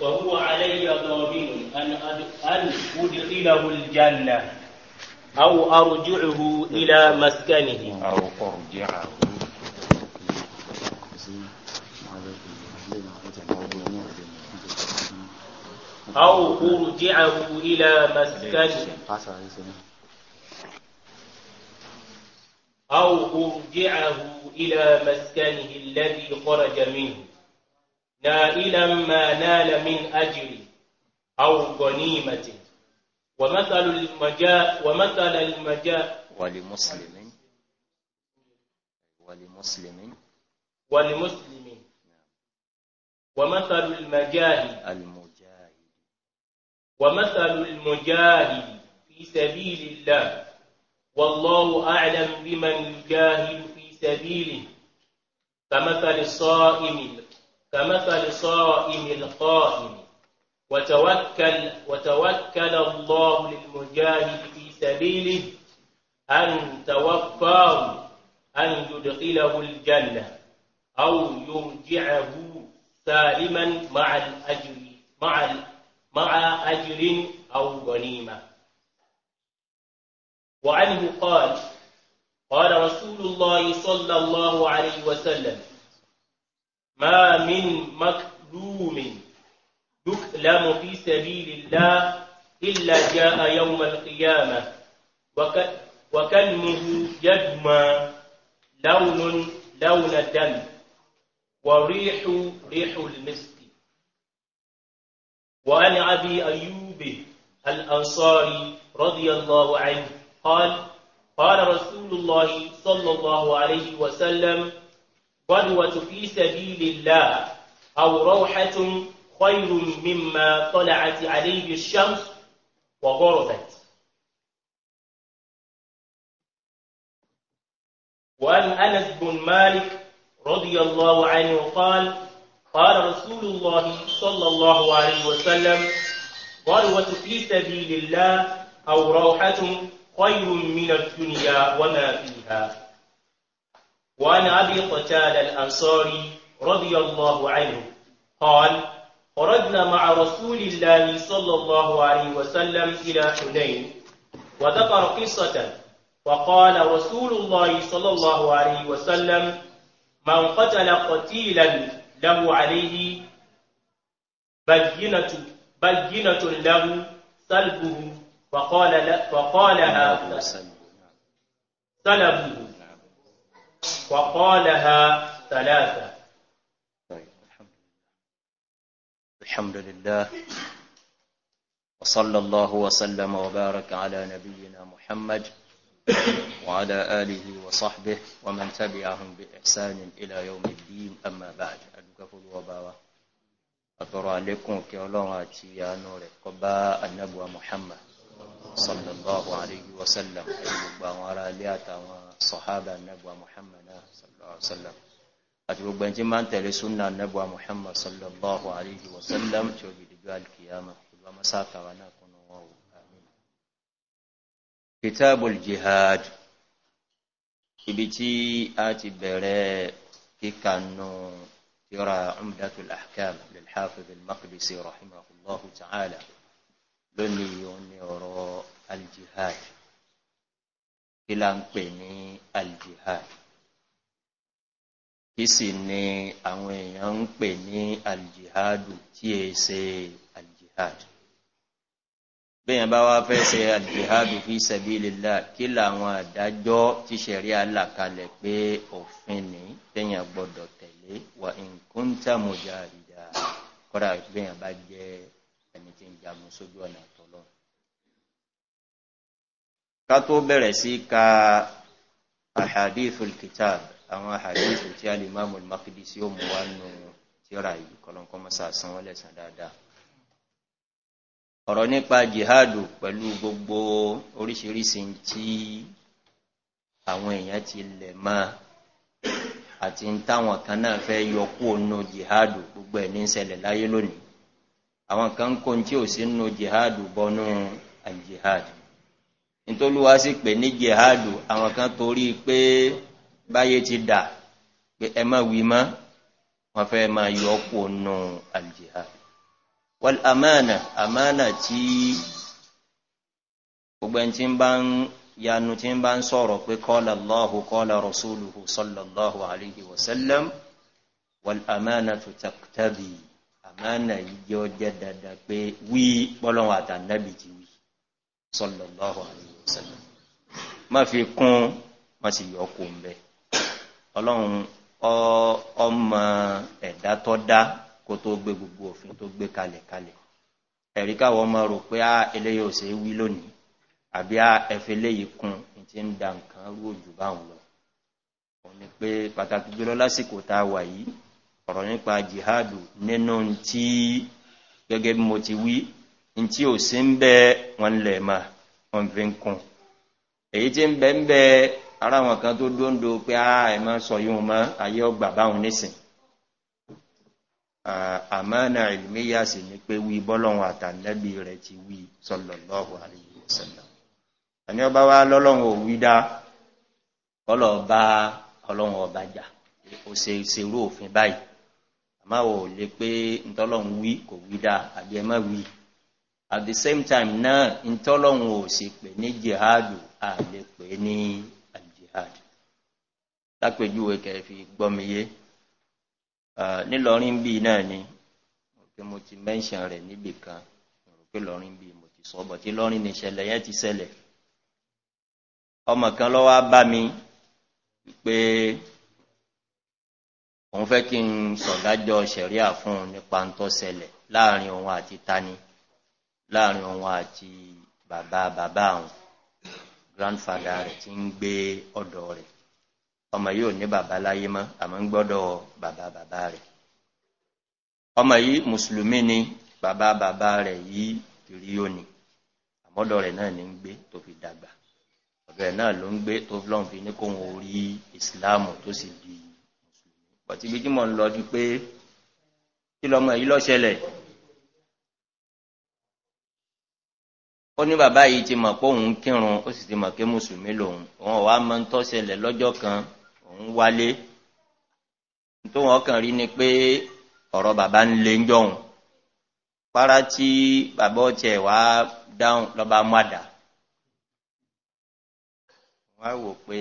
وهو علي ضامن أن أن أدخله الجنة أو أرجعه إلى مسكنه أو أرجعه أو أرجعه إلى مسكنه أو أرجعه إلى مسكنه الذي خرج منه نائلا ما نال من أجر أو غنيمة ومثل المجاء ومثل المجاء ولمسلم ولمسلم ولمسلم ومثل المجاهد المجاهد ومثل المجاهد في سبيل الله والله أعلم بمن يجاهد في سبيله كمثل الصائم كمثل صائم القائم وتوكل وتوكل الله للمجاهد في سبيله أن توفاه أن يدخله الجنة أو يرجعه سالما مع الأجر مع مع أجر أو غنيمة وعنه قال قال رسول الله صلى الله عليه وسلم ما من مكدوم يكلم في سبيل الله إلا جاء يوم القيامة وكلمه يدمى لون لون الدم وريح ريح المسك وعن أبي أيوب الأنصاري رضي الله عنه قال قال رسول الله صلى الله عليه وسلم غدوة في سبيل الله أو روحة خير مما طلعت عليه الشمس وغربت وعن أنس بن مالك رضي الله عنه قال قال رسول الله صلى الله عليه وسلم غدوة في سبيل الله أو روحة خير من الدنيا وما فيها وعن أبي قتادة الأنصاري رضي الله عنه قال خرجنا مع رسول الله صلى الله عليه وسلم إلى حنين وذكر قصة وقال رسول الله صلى الله عليه وسلم من قتل قتيلا له عليه بينة بينة له سلبه فقال لا سلبه وقالها ثلاثة طيب الحمد لله الحمد لله وصلى الله وسلم وبارك على نبينا محمد وعلى آله وصحبه ومن تبعهم بإحسان إلى يوم الدين أما بعد أدوكفل وباوة أترى عليكم كي الله أتيانو لقباء النبوة محمد صلى الله عليه وسلم وعلى آلياته وصحابة النبوة محمد صلى الله عليه وسلم أتبقى أنت ما أنت لسنة محمد صلى الله عليه وسلم تبقى لجوال الكيامة وما ساكا ونكون وهو آمين كتاب الجهاد ibiti ati bere kikanu tira umdatu lahkam lilhafidh lmaqdisi rahimahullahu taala lónìí òun ni ọ̀rọ̀ aljihad kí la ń pè ní aljihad kí sì ni àwọn èèyàn ń pè ní aljihadu tí è ṣe aljihad bẹ́yàn bá wá fẹ́ ṣe aljihadu fi ṣẹ̀bí lílá kí làwọn àdájọ́ tí ṣẹ̀rí alákalẹ̀ pé òfin ní tẹ́yàn gbọ́dọ̀ tẹ̀lé wà nǹkan tàmójà àrídà kọ́ra bẹ́yàn bá jẹ́ ẹni tí ń jagun sójú ọ̀nà ká tó bẹ̀rẹ̀ sí ka àhàdífùl kìtàb àwọn àhàdífùl tí alìmọ́mù makidi sí ó mú wá nù tíra yìí kọlọ̀kọ́ wọ́n jihadu pẹ̀lú gbogbo oríṣiríṣi tí àwọn èèyàn ti lẹ̀ mọ́ àti táwọn kan náà fẹ́ yọ jihadu gbogbo ẹ̀ ní ṣẹlẹ̀ láyé lónìí àwọn kan kò tí ò sí jihadu nítolúwa sì pè ní jihadu àwọn kan torí pé báyé ti dà pé ẹ má wí mọ́ wọn fẹ́ máa yọ ọ́pọ̀ nù aljihadu wọ́n amánà amánà tí gbogbo ẹni tí ń bá ń yanu tí ń bá ń sọ̀rọ̀ pé kọ́lá lọ́hù kọ́lá rasúlùhù sọ́lọ́lọ́hù àríhì wọ̀sẹ́lẹ̀m wọ́n amánà tó tàbí amánà yíyọ jẹ́ dada pé wí pọ́lọ́wọ́ àtàndábì sọlọ̀lọ́wọ́ àríwọ̀sẹ̀lẹ̀ má fi kún wọ́n sì yọ kò ń bẹ́ ọlọ́run ọmọ ẹ̀dá tó dá kó tó gbé gbogbo òfin tó gbé kalẹ̀ kalẹ̀ ẹ̀rí káwọ́ ọmọ rò pé á ah, eléyìí ò ṣe é wí lónìí àbí á ah, ẹ̀fẹ́ léyìí kun ti ń da nǹkan rú òjò báwọn lọ òun ni pé pàtàkì jùlọ lásìkò tá a wà yìí ọ̀rọ̀ nípa jihadu nínú tí gẹ́gẹ́ bí mo ti wí ntí ò sí ń wọn lẹ̀ ma wọn fi ń kún èyí tí ń ń ara wọn kan tó dóńdó pé a ẹ̀ máa sọ yóò mọ́ ayé ọgbà báwọn nísìn àmọ́nà ìlúmíyà sì ni pé wí bọ́lọ́hún àtàlẹ́bí ti wí sọlọ àríyìn ìṣẹ̀lẹ̀ àní ọba wa lọ́lọ́hún òwí dá kọ́lọ̀ ọba ọba jà ó ṣe ṣerú òfin báyìí àmọ́ ò lè pé ntọ́lọ́hún wí kò wí dá àbí ẹ má at the same time náà ntọ́lọ́hún ò sì pè ní jihadu a lè pè ní aljihad lápèjúwe kẹfì gbọmiyé nílọrin bíi náà ni pé mo ti mẹ́ńṣàn rẹ̀ níbì kan rò pé lọ́rin bíi mo ti sọ bọ̀ tí lọ́rin ní ìṣẹ̀lẹ̀ yẹn ti ṣẹlẹ̀ ọmọ kan lọ́wọ́ bá mi pé òun fẹ́ kí n sọ̀dájọ́ sẹ̀ríà fún un nípa ń tọ́ ṣẹlẹ̀ láàrin òun àti tani láàrin òun àti bàbá bàbá àwọn grandfather rẹ̀ ti ń gbé ọ̀dọ̀ rẹ̀ ọmọ yìí ò ní bàbá láyé mọ́ àmọ́ ń gbọ́dọ̀ bàbá bàbá rẹ̀ ọmọ yìí mùsùlùmí ni bàbá bàbá rẹ̀ yìí kiri yóò ní àmọ́dọ̀ rẹ̀ náà ní ń gbé tó fi dàgbà ọ̀dọ̀ rẹ̀ náà ló ń gbé tó fi lọ́n fi ní kóhun orí ìsìláàmù tó sì di mùsùlùmí pọ̀tí bí tí ń lọ di pé kí lọmọ yìí lọ́ṣẹlẹ̀ ó ní bàbá yìí ti mọ̀ pé òun kírun ó sì ti mọ̀ pé mùsùlùmí lòun òun wàá mọ ń ṣẹlẹ̀ lọ́jọ́ kan òun wálé tó wọn kàn rí ni pé ọ̀rọ̀ bàbá ń lé jọ̀hún para tí bàbá ọ̀tẹ̀ wá dáhùn lọ́ba mọ́dà wọ́n á wò pé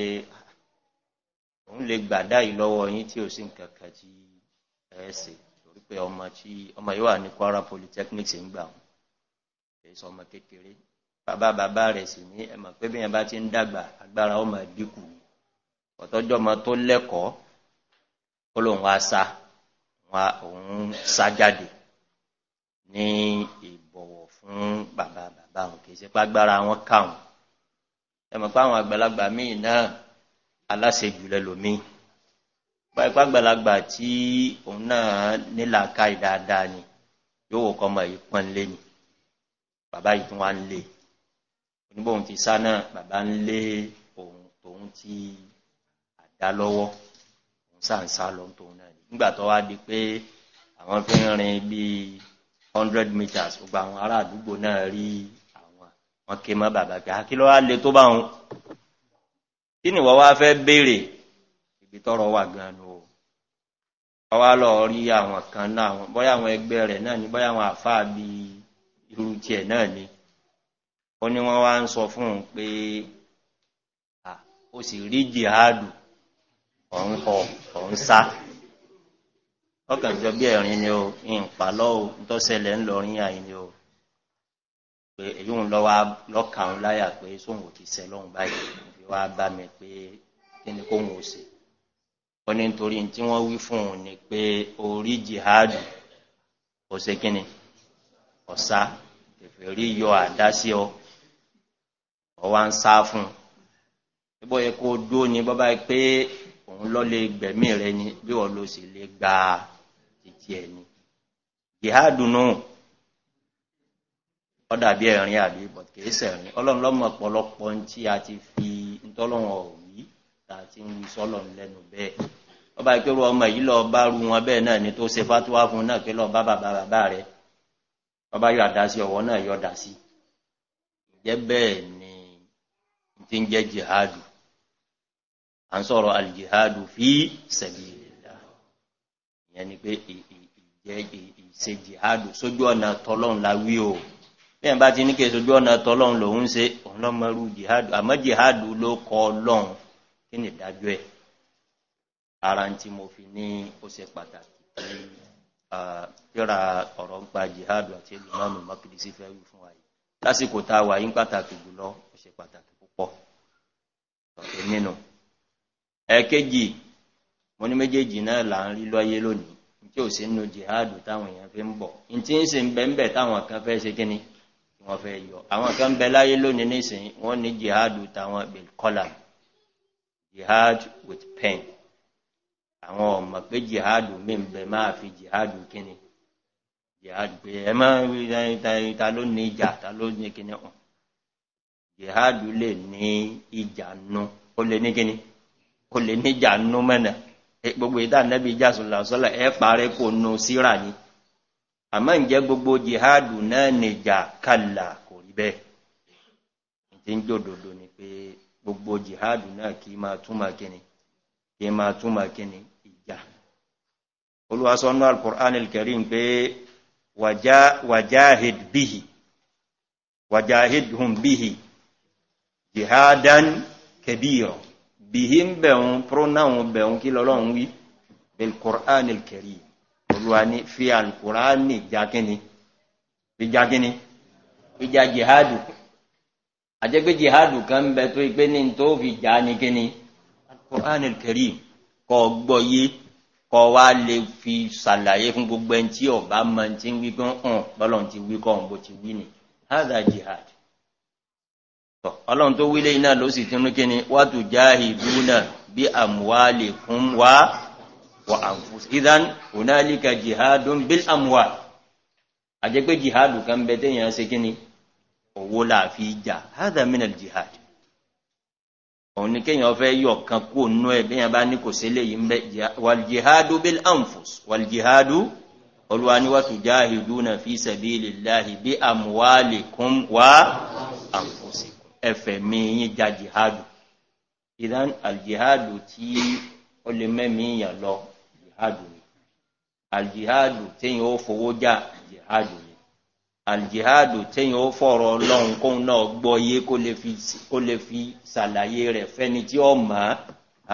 òun lè gbàdá yìí lọ́wọ́ yín tí ò sí nǹkan kan tí ẹ̀ ṣe torí pé ọmọ yìí wà ní kwara polytechnics ń gbà wọn. èso ọmọ kékeré bàbá bàbá rẹ̀ sì ní ẹmọ̀ pé bí yẹn bá ti ń dàgbà agbára ọmọ dínkù ọ̀tọ́jọ́ ọmọ tó lẹ́kọ̀ọ́ ó lóun wá sa òun sá jáde ní ìbọ̀wọ̀ fún bàbá bàbá òun kì í ṣe pàgbára wọn káwọn ẹmọ̀ pé àwọn àgbàlagbà míì náà aláṣejù lẹ́lòmíì pàìpá àgbàlagbà tí òun náà nílàáká ìdáadáa ni yóò wò kọ́ ọmọ yìí pọ́nlé ni bàbá yìí tún wá ń lé oníbòhun ti sá náà bàbá ń lé òun tóun ti àdá lọ́wọ́ òun sá ń tóun náà nígbà tó wá di pé àwọn fi ń rin bíi hundred meters gbogbo àwọn ará àdúgbò náà rí àwọn wọn ké mọ́ bàbá pé àkí lọ́wọ́ lè tó bá wọn kí ni wọ́n wá fẹ́ béèrè ibi tọ́rọ wà gan-an o wọ́n wá lọ rí àwọn kan náà bóyá àwọn ẹgbẹ́ rẹ̀ náà ni bóyá àwọn àfáà bíi irú tiẹ̀ náà ni ó ní wọ́n wá ń sọ fún un pé ó sì rí jihadu ọ̀hún ọ̀hún sá ọkànjọ bí ẹ̀rin ni o ìǹpa lọ́wọ́ tọ́sẹ̀lẹ̀ ni o pé èyí ń lọ́wọ́ lọ́kàn láyà pé ò pé kí ni kóun ò sè ó ní nítorí tí fún un pé orí jihadu ò ṣe kí ni ọ̀sá kèfèrí yọ àdá sí ọ ọwá ń sá fún bíbọ́ yẹ kó dó ni bọ́bá pé òun lọ lè gbẹ̀mí rẹ ni bí wọ́n ló sì lè gba títí ẹ̀ ni jihadu nù ọ̀dà bí ẹ̀rin àbí bọ̀tẹ̀ sẹ̀rin ọlọ́run lọ́mọ ọ̀pọ̀lọpọ̀ ń tí a ti fi ntọ́lọ́run ọ̀wí tá a ti ń wí sọ́lọ́run lẹ́nu bẹ́ẹ̀ bọ́bá pé ọmọ yìí lọ bá ru wọn bẹ́ẹ̀ náà ni tó ṣe fatuwa fún náà pé lọ bá bàbá bàbá rẹ̀ ọba yóò àdásí ọwọ́ náà yóò dásí jẹ́ bẹ́ẹ̀ ni tí ń jẹ́ jihadu a ń sọ̀rọ̀ aljihadu fi sabilillah ìyẹn ni pé ìjẹ́ ìṣe jihadu sójú ọ̀nà tọ́lọ́run la wí o bí ẹ̀ bá ti ní kí sójú ọ̀nà tọ́lọ́run lòun ṣe òun lọ́ mọ́rú jihadu àmọ́ jihadu ló kọ ọlọ́run kí ni ìdájọ́ ẹ̀ ara ń tí mo fi ní ó ṣe pàtàkì ríra ọ̀rọ̀ ń pa jihad àti ìlúmọ̀mù makidisi fẹ́ wí fún àyí lásìkò tá a wà yí pàtàkì jùlọ ó ṣe pàtàkì púpọ̀ ọ̀tẹ̀ nínú ẹ̀kẹ́jì mo ní méjèèjì náà là ń rí lọ́yé lónìí tí ò sí nínú jihad táwọn èèyàn fi ń bọ̀ ní tí ń sì ń bẹ́ńbẹ̀ táwọn kan fẹ́ ṣe kíni tí wọ́n fẹ́ yọ àwọn kan bẹ láyé lónìí nísìnyí wọ́n ní jihad táwọn bil kọ́là jihad with pen àwọn ọmọ pé jihadu mí ń bẹ máa fi jihadu kíni jihadu pé ẹ máa rí ta ló ní ìjà ta ló ní kíni hàn jihadu lè ní ìjà nú ó lè ní kíni ó lè ní ìjà nú mẹ́nà gbogbo nẹ́bí ìjà sọ̀lá ẹ kò nu síra ni àmọ́ ǹjẹ́ gbogbo jihadu náà nìjà kàlà kò rí bẹ́ẹ̀ ti ń jòdòdò ni gbogbo jihadu náà kì í máa túmọ̀ kíni kì olùwàsọ́nù alkùránì kẹrin pé wàjáhid bíhì wàjáhid hùn bíhì jihadan kẹbíọ̀ bíhì ń bẹ̀rún pronoun bẹ̀rún kí lọ́lọ́run wí bilkùránì kẹrin olùwà ní fi alkùránì jákíní fi jákíní fi já jihadu àjẹ́gbé jihadu kan ń bẹ tó ipé ní tó fi já ní kíní alkùránì kẹrin kọ gbọ́ kọ wá lè fi ṣàlàyé fún gbogbo ẹni tí ọba mọ ti ń wí pé hàn bọ́lọ̀ ti wí kọ́ ọ̀hún bó ti wí ni haza jihad ọlọ́run tó wílé iná ló sì tún kí ni wà tó jáhì búnà bí àmúwálè fún wá wà àǹfúsí ìdán jihad jihadun bil àmúwà àjẹ́gbé jihadu kan bẹ tẹ́yàn ṣe kí ni owó láàfi ìjà haza minal jihad òun ni kéèyàn fẹ́ yọ kan kú ònú ẹ̀ bí yẹn bá ní kò sí léyìí ń bẹ́ wàlìjìhádù bil anfus wàlìjìhádù olùwàníwàtú jáhìdú náà fi sẹ̀bí lèláhì bí àmúwálì kún wá àǹfọ̀sì ẹ̀fẹ̀ mi yín ja jihádù ìdán àljihádù tí ó lè mẹ́mí yàn lọ jihádù ni àljihádù téèyàn ó fowó já jihádù ni. aljihadu tẹ́yìn ó fọ̀rọ̀ ọlọ́run kóun náà gbọ́ yé kó lè fi ṣàlàyé rẹ fẹni tí ó mọ̀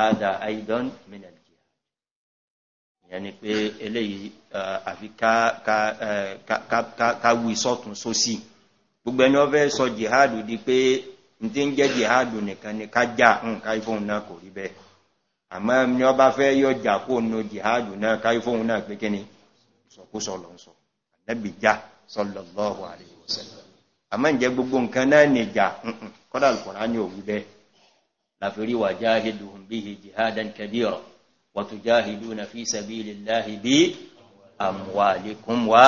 á aidan min aljihad pé eléyìí eh, àfi eh, ká wí sọ́tún sósì gbogbo ẹni wọ́n sọ jihadu di pé n ti ń jihadu nìkan ni ká já nǹkan ifóhun náà kò rí ni kó nu sọlọ̀lọ́wọ̀ àríwọ̀sẹ̀lẹ̀ àmá ń jẹ gbogbo nǹkan náà nìjà kọ́dà alùkọ̀rá ní òwú bẹ́ láfírí wà jáhìdù bí i jihadan kabira wàtú jáhìdù na fi sàbí lèláhì bí àmúwàlékún wá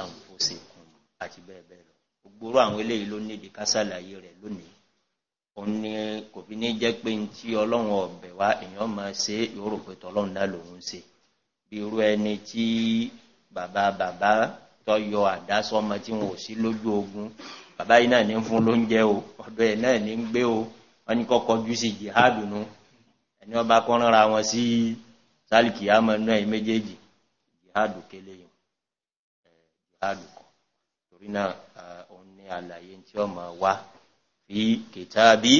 àmúfòsíkún àti bẹ́ẹ̀bẹ́ẹ̀ lọ gbogbo àwọn eléyìí ló nídi kásàlàyé rẹ̀ lónìí ó ní kò fi ní jẹ́ pé tí ọlọ́run ọ̀bẹ̀ wá èèyàn máa ṣe yóò rò pé tọ́lọ́run náà lòun ṣe bí irú ẹni tí bàbá tọyọ àdásọmọ tí wọn ò sí lójú ogun bàbá yìí náà ní fún lóúnjẹ o ọdọ ẹ náà ní gbé o wọn ní kọkọ ju sí jihadu nu ẹni wọn bá kọ rárá wọn sí sálìkì àmọ náà yìí méjèèjì jihadu kele yìí jihadu kọ torí náà òun ní àlàyé tí wọn máa wá fi kìtàbí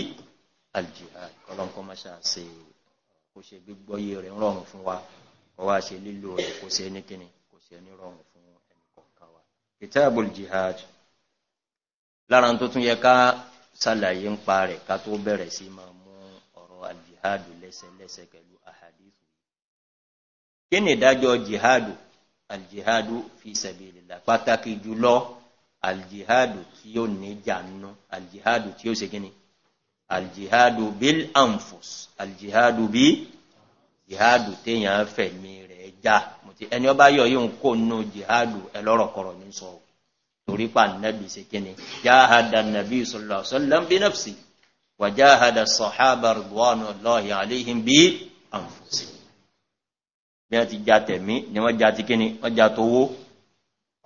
aljihad kọlọńkọ má ṣáà ṣe kó ṣe gbígbọ́ yé rẹ̀ ń rọrùn fún wa kó wá ṣe lílo rẹ̀ kó ṣe ní kíni kó ṣe ní rọrùn fún kìtàbù jihad lára tó tún yẹ ká sàlàyé ń pa rẹ̀ ká tó bẹ̀rẹ̀ sí máa mú ọ̀rọ̀ aljihadu lẹ́sẹlẹ́sẹ pẹ̀lú ahadithu kí ni ìdájọ́ jihadu aljihadu fi sabilillah pàtàkì jùlọ aljihadu tí ó ní jànú aljihadu tí ó ṣe gíní aljihadu bil anfus aljihadu bí jihadu téèyàn fẹ̀mí rẹ̀ já ẹni ọba yọ yóò ń kó nù jihadu ẹlọ́rọ̀kọ̀rọ̀ ní sọ torí pa nàbì ṣe kíni jáhada nàbì sọlọ sọlọ bí nàfsì wà jáhada sọ̀hábà rùbọ́ọ̀nù lọ́ọ̀yà àléhìn bí àǹfọ̀sì bí wọ́n ti já tẹ̀mí ni wọ́n já ti kíni wọ́n já tó wó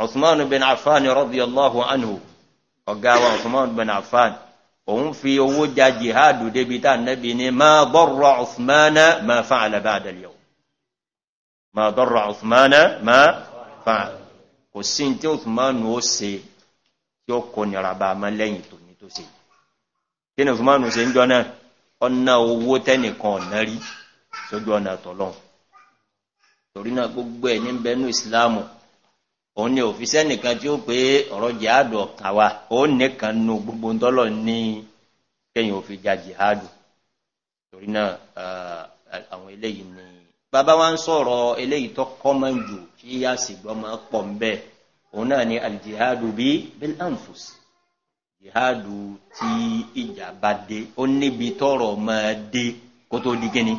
ọ̀sùnmọ́n bin afaan rọ́bì allahu anhu ọ̀gá wa ọ̀sùnmọ́n bin afaan òun fi owó já jihadu débi tá nàbì ni máa bọ́rọ̀ ọ̀sùnmọ́n máa fa àlàbà àdàlẹ́wò ma dọ́rọ̀ ọ̀tùmánà ma fa kò sí tí ọ̀tùmánù ó se tí ó kò nìra bá ma lẹ́yìn tó ní tó se tí ni ọ̀tùmánù se ń jọ náà ọ̀nà owó tẹ́nìkan ọ̀nà rí sójú ọ̀nà tọ̀lọ́n torí náà gbogbo ẹ̀ ní bẹnu ìsìláàmù òun ni òfìsẹ́ nìkan tí ó pé ọ̀rọ̀ jihadu ọ̀kàwà ó nìkan nu gbogbo ńtọ́lọ̀ ní kẹ́yìn òfin ja jihadu torí náà àwọn eléyìí ni bàbá wa ń sọ̀rọ̀ eléyìí tó kọ́mọ jù kí yá sì gbọ́mọ pọ̀ ń bẹ́ẹ̀ òun náà ni aljihadu bí bill anfus jihadu tí ìjà bá dé ó níbi tọrọ máa dé kó tó di kíni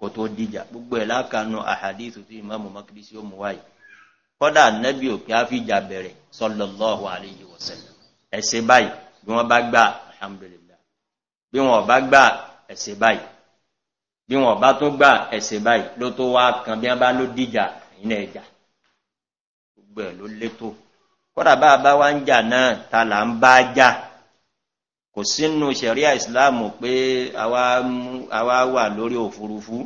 kó tó dìjà gbogbo ẹ̀ lákàánú àhàdíìsù tí ìmáàmù mákìrísí ó mú wáyé kọ́dà nẹ́bí òkè àfíjà bẹ̀rẹ̀ sọlọ́lọ́hu àlejò ọ̀sẹ̀lẹ̀ ẹ̀sẹ̀ báyìí bí wọ́n bá gbà alhamdulilayi bí wọ́n bá gbà ẹ̀sẹ̀ báyìí bí wọn bá tún gbà ẹsẹ báyìí ló tó wá kan bí wọn bá ló dìjà ìyìn ẹjà gbogbo ẹ ló létò kódà bá a bá wá ń jà náà ta là ń bá jà kò sínú sẹríà ìsìláàmù pé àwa wà lórí òfurufú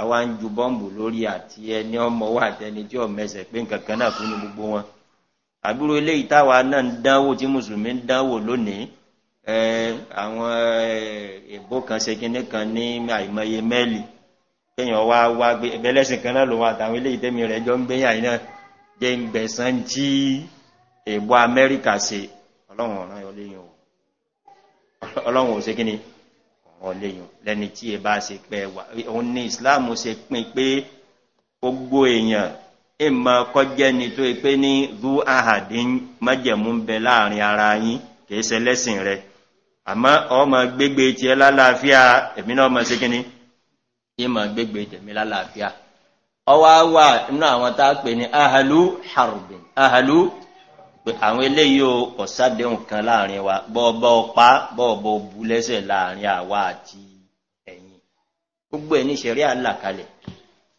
àwa ń ju bọ́ǹbù lórí àti ẹni ọmọ wa àtẹni tí ò mẹsẹ̀ pé nǹkan kan náà kú gbogbo wọn àbúrò eléyìí táwa náà ń dánwò tí mùsùlùmí ń dánwò lónìí àwọn èbó kan ṣe kíní kan ní àìmọye mẹ́lì kéèyàn wá wá gbé ẹ̀bẹ́lẹ́sìn kan náà lòun àtàwọn ilé ìtẹ́mi rẹ̀ jọ ń gbéyà iná jẹ́ ń gbẹ̀sán tí èbó amẹ́ríkà ṣe ọlọ́run ọ̀ràn ọlẹ́yìn o ọlọ́run ò ṣe kíní ọ̀ràn ìmọ̀ kọjẹ́ ni tó pé ní zu ahadin májẹ̀mú ń bẹ láàrin ara yín kìí ṣe rẹ̀ àmọ́ ọmọ gbégbé tí ẹ lálàáfíà èmi náà mọ̀ sí kíní yí mọ̀ gbégbé tèmi lálàáfíà ọwá wà nínú àwọn tá pè ní ahalu harbin ahalu pé àwọn eléyìí ọ̀sádéhùn kan láàrin wa bọ́ọ̀bọ́ pa bọ́ọ̀bọ́ bu lẹ́sẹ̀ láàrin àwa àti ẹ̀yìn gbogbo ẹ̀ ní ṣẹ̀rí àlàkalẹ̀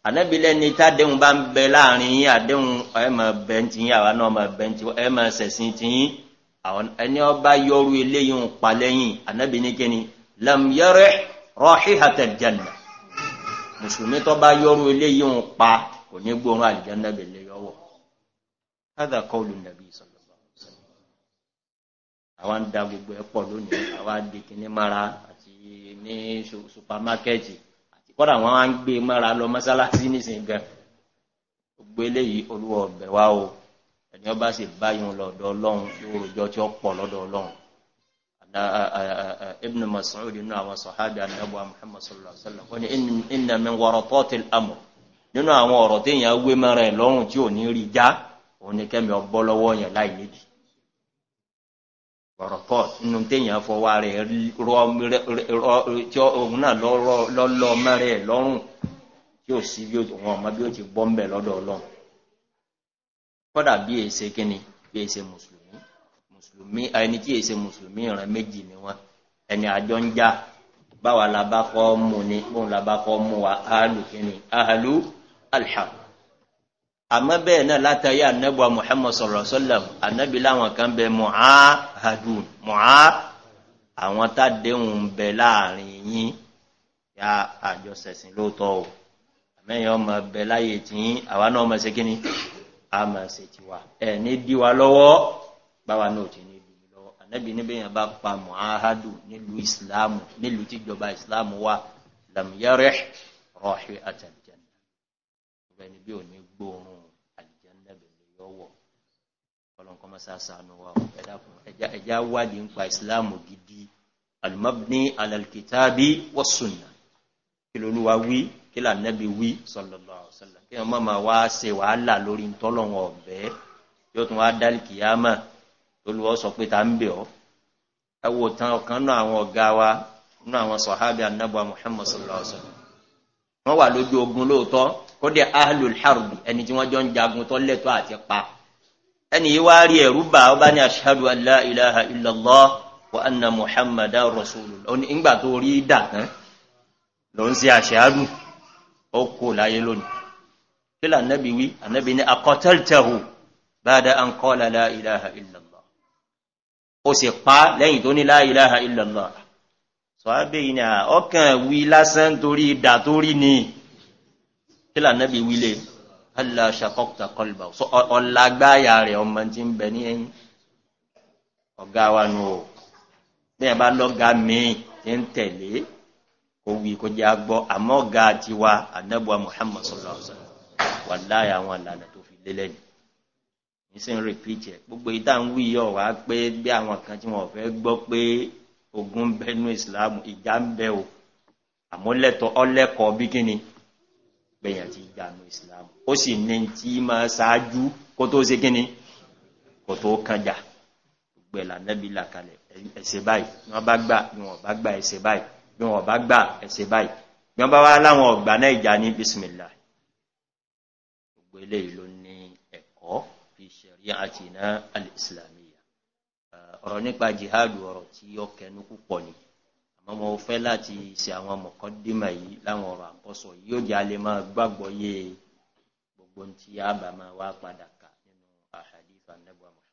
ànábìlẹ̀ ni tádéhùn bá ń bẹ láàrin yín àdéhùn ẹ̀ mọ̀ bẹ́ntì yín àwa náà mọ̀ bẹ́ntì ẹ̀ mọ̀ sẹ̀sìn tì yín àwọn ẹni ọba yọrù eléyìí ń pa lẹ́yìn ànábì ní kíni lam yẹrẹ rọ́ọ̀hí àtẹ̀jẹ̀nà mùsùlùmí tó bá yọrù eléyìí ń pa kò ní gbóòórùn àlìjẹ́nà bèlè yọwọ́ hádà kọlù nàbí sọ̀rọ̀ àwọn da gbogbo ẹ̀ pọ̀ lónìí àwọn adìkíní mara àti ní supamákẹ́ẹ̀tì àti kọ́dà wọn á ń gbé mara lọ mọ́sálásí nísìnyí gan gbogbo eléyìí olúwọ̀ ọ̀bẹ̀ o. ẹni ọba sì báyìí lọ́dọ̀ ọlọ́run yóò rọjọ́ tí ó pọ̀ lọ́dọ̀ ọlọ́run ibn masoud àwọn sọ̀hádà anábọ̀ muhammad sallallahu alaihi amọ̀ nínú àwọn ọ̀rọ̀ tí wé lọ́rùn tí ò ní rí já òun ni kẹ́mi ọgbọ́ lọ́wọ́ yẹn láì nídìí wọ̀rọ̀ pọ̀ nínú tí èèyàn fọwọ́ rẹ̀ rọ tí òun náà lọ́lọ́ mẹ́ra lọ́rùn tí ò sí bí òun ọmọ bí ó ti gbọ́ kọ́dà bí èsè kíni bí èsè mùsùlùmí mùsùlùmí ẹni tí èsè mùsùlùmí ìran méjì ni wọn ẹni àjọ ń já báwa la bá kọ́ mú ni bóun la bá kọ́ mú wa áhàlù kíni áhàlù alhaq àmọ́ bẹ́ẹ̀ náà látàrí ànẹ́bùa muhammad sọ̀rọ̀ sọ́lẹ̀m ànẹ́bí láwọn kan bẹ mọ̀háhàdùn mọ̀há àwọn tàdéhùn bẹ láàrin yín ya àjọsẹ̀sìn lóòótọ́ o àmẹ́yìn ọmọ bẹ láyé tí àwa náà mọ̀ sí kíni a ma ṣe ti wa ẹ̀ ní dí wa lọ́wọ́ báwa náà ti ní dùn lọ́wọ́ ànábì níbẹ̀ yẹn bá pa muhammadu nílùú ìsìláàmù nílùú tíjọba ìsìláàmù wa lamiyarẹ rọ̀ṣì àtàlìjẹ́nà ìgbẹ́ ni bí ò wa ẹ̀dàkùn ẹ̀já wádìí kí là nẹ́bi wí sọ̀lọ̀lọ̀ ọ̀sọ̀lọ̀ kí wọ́n máa wá ṣe wàhálà lórí tọ́lọ̀wọ̀n ọ̀bẹ́ yóò tún wá dálì kìyàmà olùwọ́ sọ pé ta ń bẹ̀ ọ́ ẹ wò tán ọ̀kan náà àwọn ọ̀gá wa nínú àwọn sọ̀hábì anábọ̀ muhammad sọ̀lọ̀ ọ̀sọ̀lọ̀ wọ́n wà lójú ogun lóòótọ́ kó dé ahlul harbi ẹni tí wọ́n jọ ń jagun tó lẹ́tọ́ àti pa ẹni yìí wá rí ẹ̀rú bá ọ bá ní aṣáájú aláìláha ìlọ́lọ́ wa anna muhammad rasulullah ìgbà tó rí dà tán ló ṣe aṣáájú ó kó láyé lónìí kí là nẹ́bi wí ànẹ́bi ní akọ́tẹ́ltẹ̀hù báadá à ń kọ́ lálá ìlàhà ìlàlá ó sì pa lẹ́yìn tó ní láìláhà ìlàlá sọ́ábẹ́ yìí ni à ọkàn wí lásán torí ìdà ọ̀gá wa nù ó bẹ́ẹ̀ bá lọ́gàá mi ti ń tẹ̀lé kó wí kó jẹ́ agbọ́ àmọ́ ọ̀gá àti wa àdábùwà muhammad sallallahu wà láyé àwọn àlànà tó fi lélẹ̀ ni nísìnyí rìpíìtì ẹ̀ gbogbo ìta ń wí yọ̀ wá pé bí àwọn kan tí wọ́n fẹ́ gbọ́ pé ogun bẹnu islam ìjà ń bẹ o àmúlẹ̀tọ̀ ọlẹ́kọ̀ọ́ bí kíni gbẹ̀yàn ti jànú islam ó sì ní tí máa ṣáájú kó tó ṣe kíni kó tó kànjà gbẹ̀là nẹ́bí làkàlẹ̀ ẹ̀ṣẹ̀ báyìí wọ́n bá gbà ẹ̀ṣẹ̀ báyìí bí wọn bá gbà ẹ̀sẹ̀ báyìí bí wọn bá wá láwọn ọ̀gbà náà ìjà ní bísímìlà gbogbo eléyìí ló ní ẹ̀kọ́ fi ṣẹ̀rí àti iná alìsìlámìyà ọ̀rọ̀ nípa jihadu ọ̀rọ̀ tí ó kẹnu púpọ̀ ni àmọ́ mo fẹ́ láti ṣe àwọn mọ̀kọ́dímà yìí láwọn ọ̀rọ̀ àkọ́sọ yóò jẹ́ alẹ́ máa gbàgbọ́ yé gbogbo tí a bá máa wá padà kà nínú àhàdífà nẹ́gbàmọ̀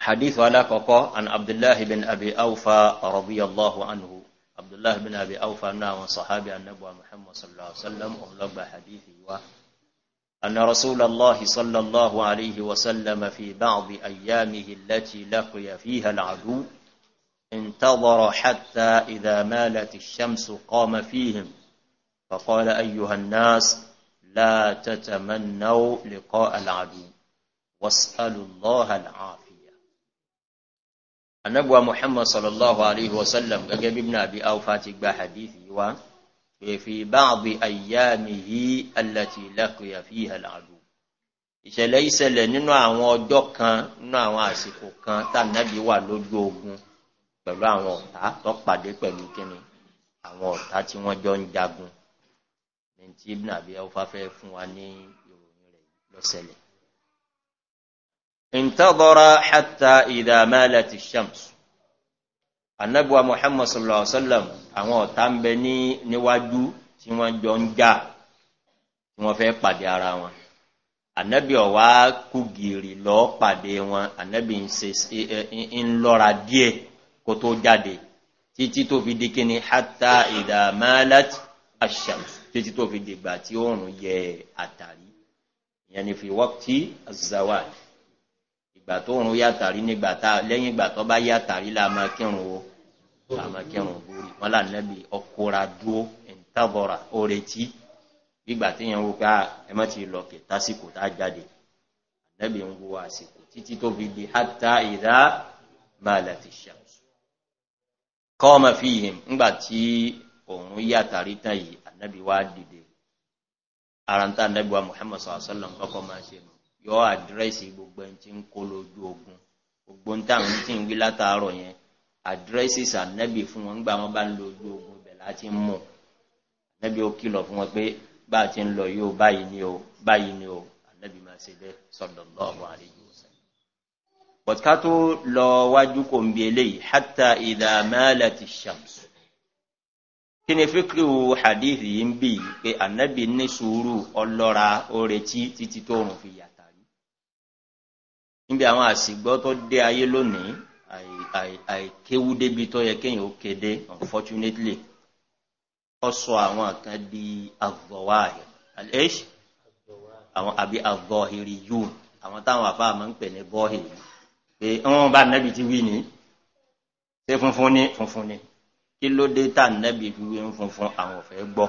حديث على كوكو عن عبد الله بن أبي أوفى رضي الله عنه عبد الله بن أبي أوفى أنه صحابي النبوة محمد صلى الله عليه وسلم أغلب حديثه أن رسول الله صلى الله عليه وسلم في بعض أيامه التي لقي فيها العدو انتظر حتى إذا مالت الشمس قام فيهم فقال أيها الناس لا تتمنوا لقاء العدو واسألوا الله العافية anabuwa muhammad sallallahu alaihi wasallam gẹ́gẹ́ bí nàbí alfa ti gba hadithi wa pé fi báàbí ayyámi yí alàtí lákòyà fi hàlàdù ìṣẹ̀lẹ̀ ìṣẹ̀lẹ̀ nínú àwọn ọjọ́ kan nínú àwọn àsìkò kan tànàbí wà lójú ogun pẹ̀lú àwọn ọ̀tá tó pàdé pẹ̀lú kíni àwọn ọ̀tá tí wọ́n jọ ń jagun ní tí nàbí alfa fún wa ní ìròyìn rẹ̀ lọ́sẹ̀lẹ̀ انتظر حتى إذا مالت الشمس النبوة محمد صلى الله عليه وسلم àwọn ọ̀tá ń bẹ ní níwájú tí wọ́n jọ ń já tí wọ́n fẹ́ pàdé ara wọn ànábì ọ̀wá kú gìrì lọ pàdé wọn ànábì ń lọ́ra díẹ̀ kó tó jáde títí tó fi di kíni hátà ìdàmálàt àṣàm títí tó fi dìgbà tí oòrùn yẹ àtàrí ìyẹn ni fi wọ́pì azawaj ìgbà tó rún yàtàrí nígbà tá lẹ́yìn ìgbà tó bá yàtàrí la máa kírun o la máa kírun borí wọn là nẹ́bi ọkùnra dúó ìtàbọ̀rà ó retí gbígbà téèyàn wò ká ẹ má ti lọ kẹ tásìkò tá a jáde nẹ́bi ń wo àsìkò títí tó fi di hátà ìdá máa là ti ṣàkóso. kọ́ ọmọ fi yìí ńgbà tí òun yàtàrí tán yìí ànábi wá dìde ara ń tà nẹ́bi muhammed sallallahu alayhi wa kọ́kọ́ máa ṣe yọ àdírẹ́sì gbogbo ẹni tí ń kó lójú ogun gbogbo ń táwọn tí ń wí látàárọ̀ yẹn àdírẹ́sì sànẹ́bì fún wọn nígbà wọn bá ń lo ojú ogun ibẹ̀ láti mú ànẹ́bì ó kìlọ̀ fún wọn pé bá a ti ń lọ yóò báyìí ni o báyìí ni o ànẹ́bì máa ṣe bẹ́ẹ̀ sọ̀dọ̀ lọ́wọ́ àríyìn ọ̀sẹ̀. bọ̀tká tó lọ wájú kò ń bi eléyìí hátà ìdá mẹ́lẹ̀ ti ṣàmùsù kí ni fíkì wo hadith yìí ń bì pé ànẹ́bì ní sùúrù ọlọ́ra ó retí títí tó rùn fi yàtọ̀ níbi àwọn àsìgbọ́ tó dé ayé lónìí àìkéwú débi tó yẹ kéèyàn ó kéde unfortunately ó sọ àwọn kan di avọwáàyè alẹ́ṣ àwọn àbí avọhìrì yù àwọn táwọn àfáà máa ń pè ní bọ́hìrì pé wọ́n bá nẹ́bi ti wí ni ṣé funfun ni funfun ni kí ló dé tá nẹ́bi fi wí ń funfun àwọn ò gbọ́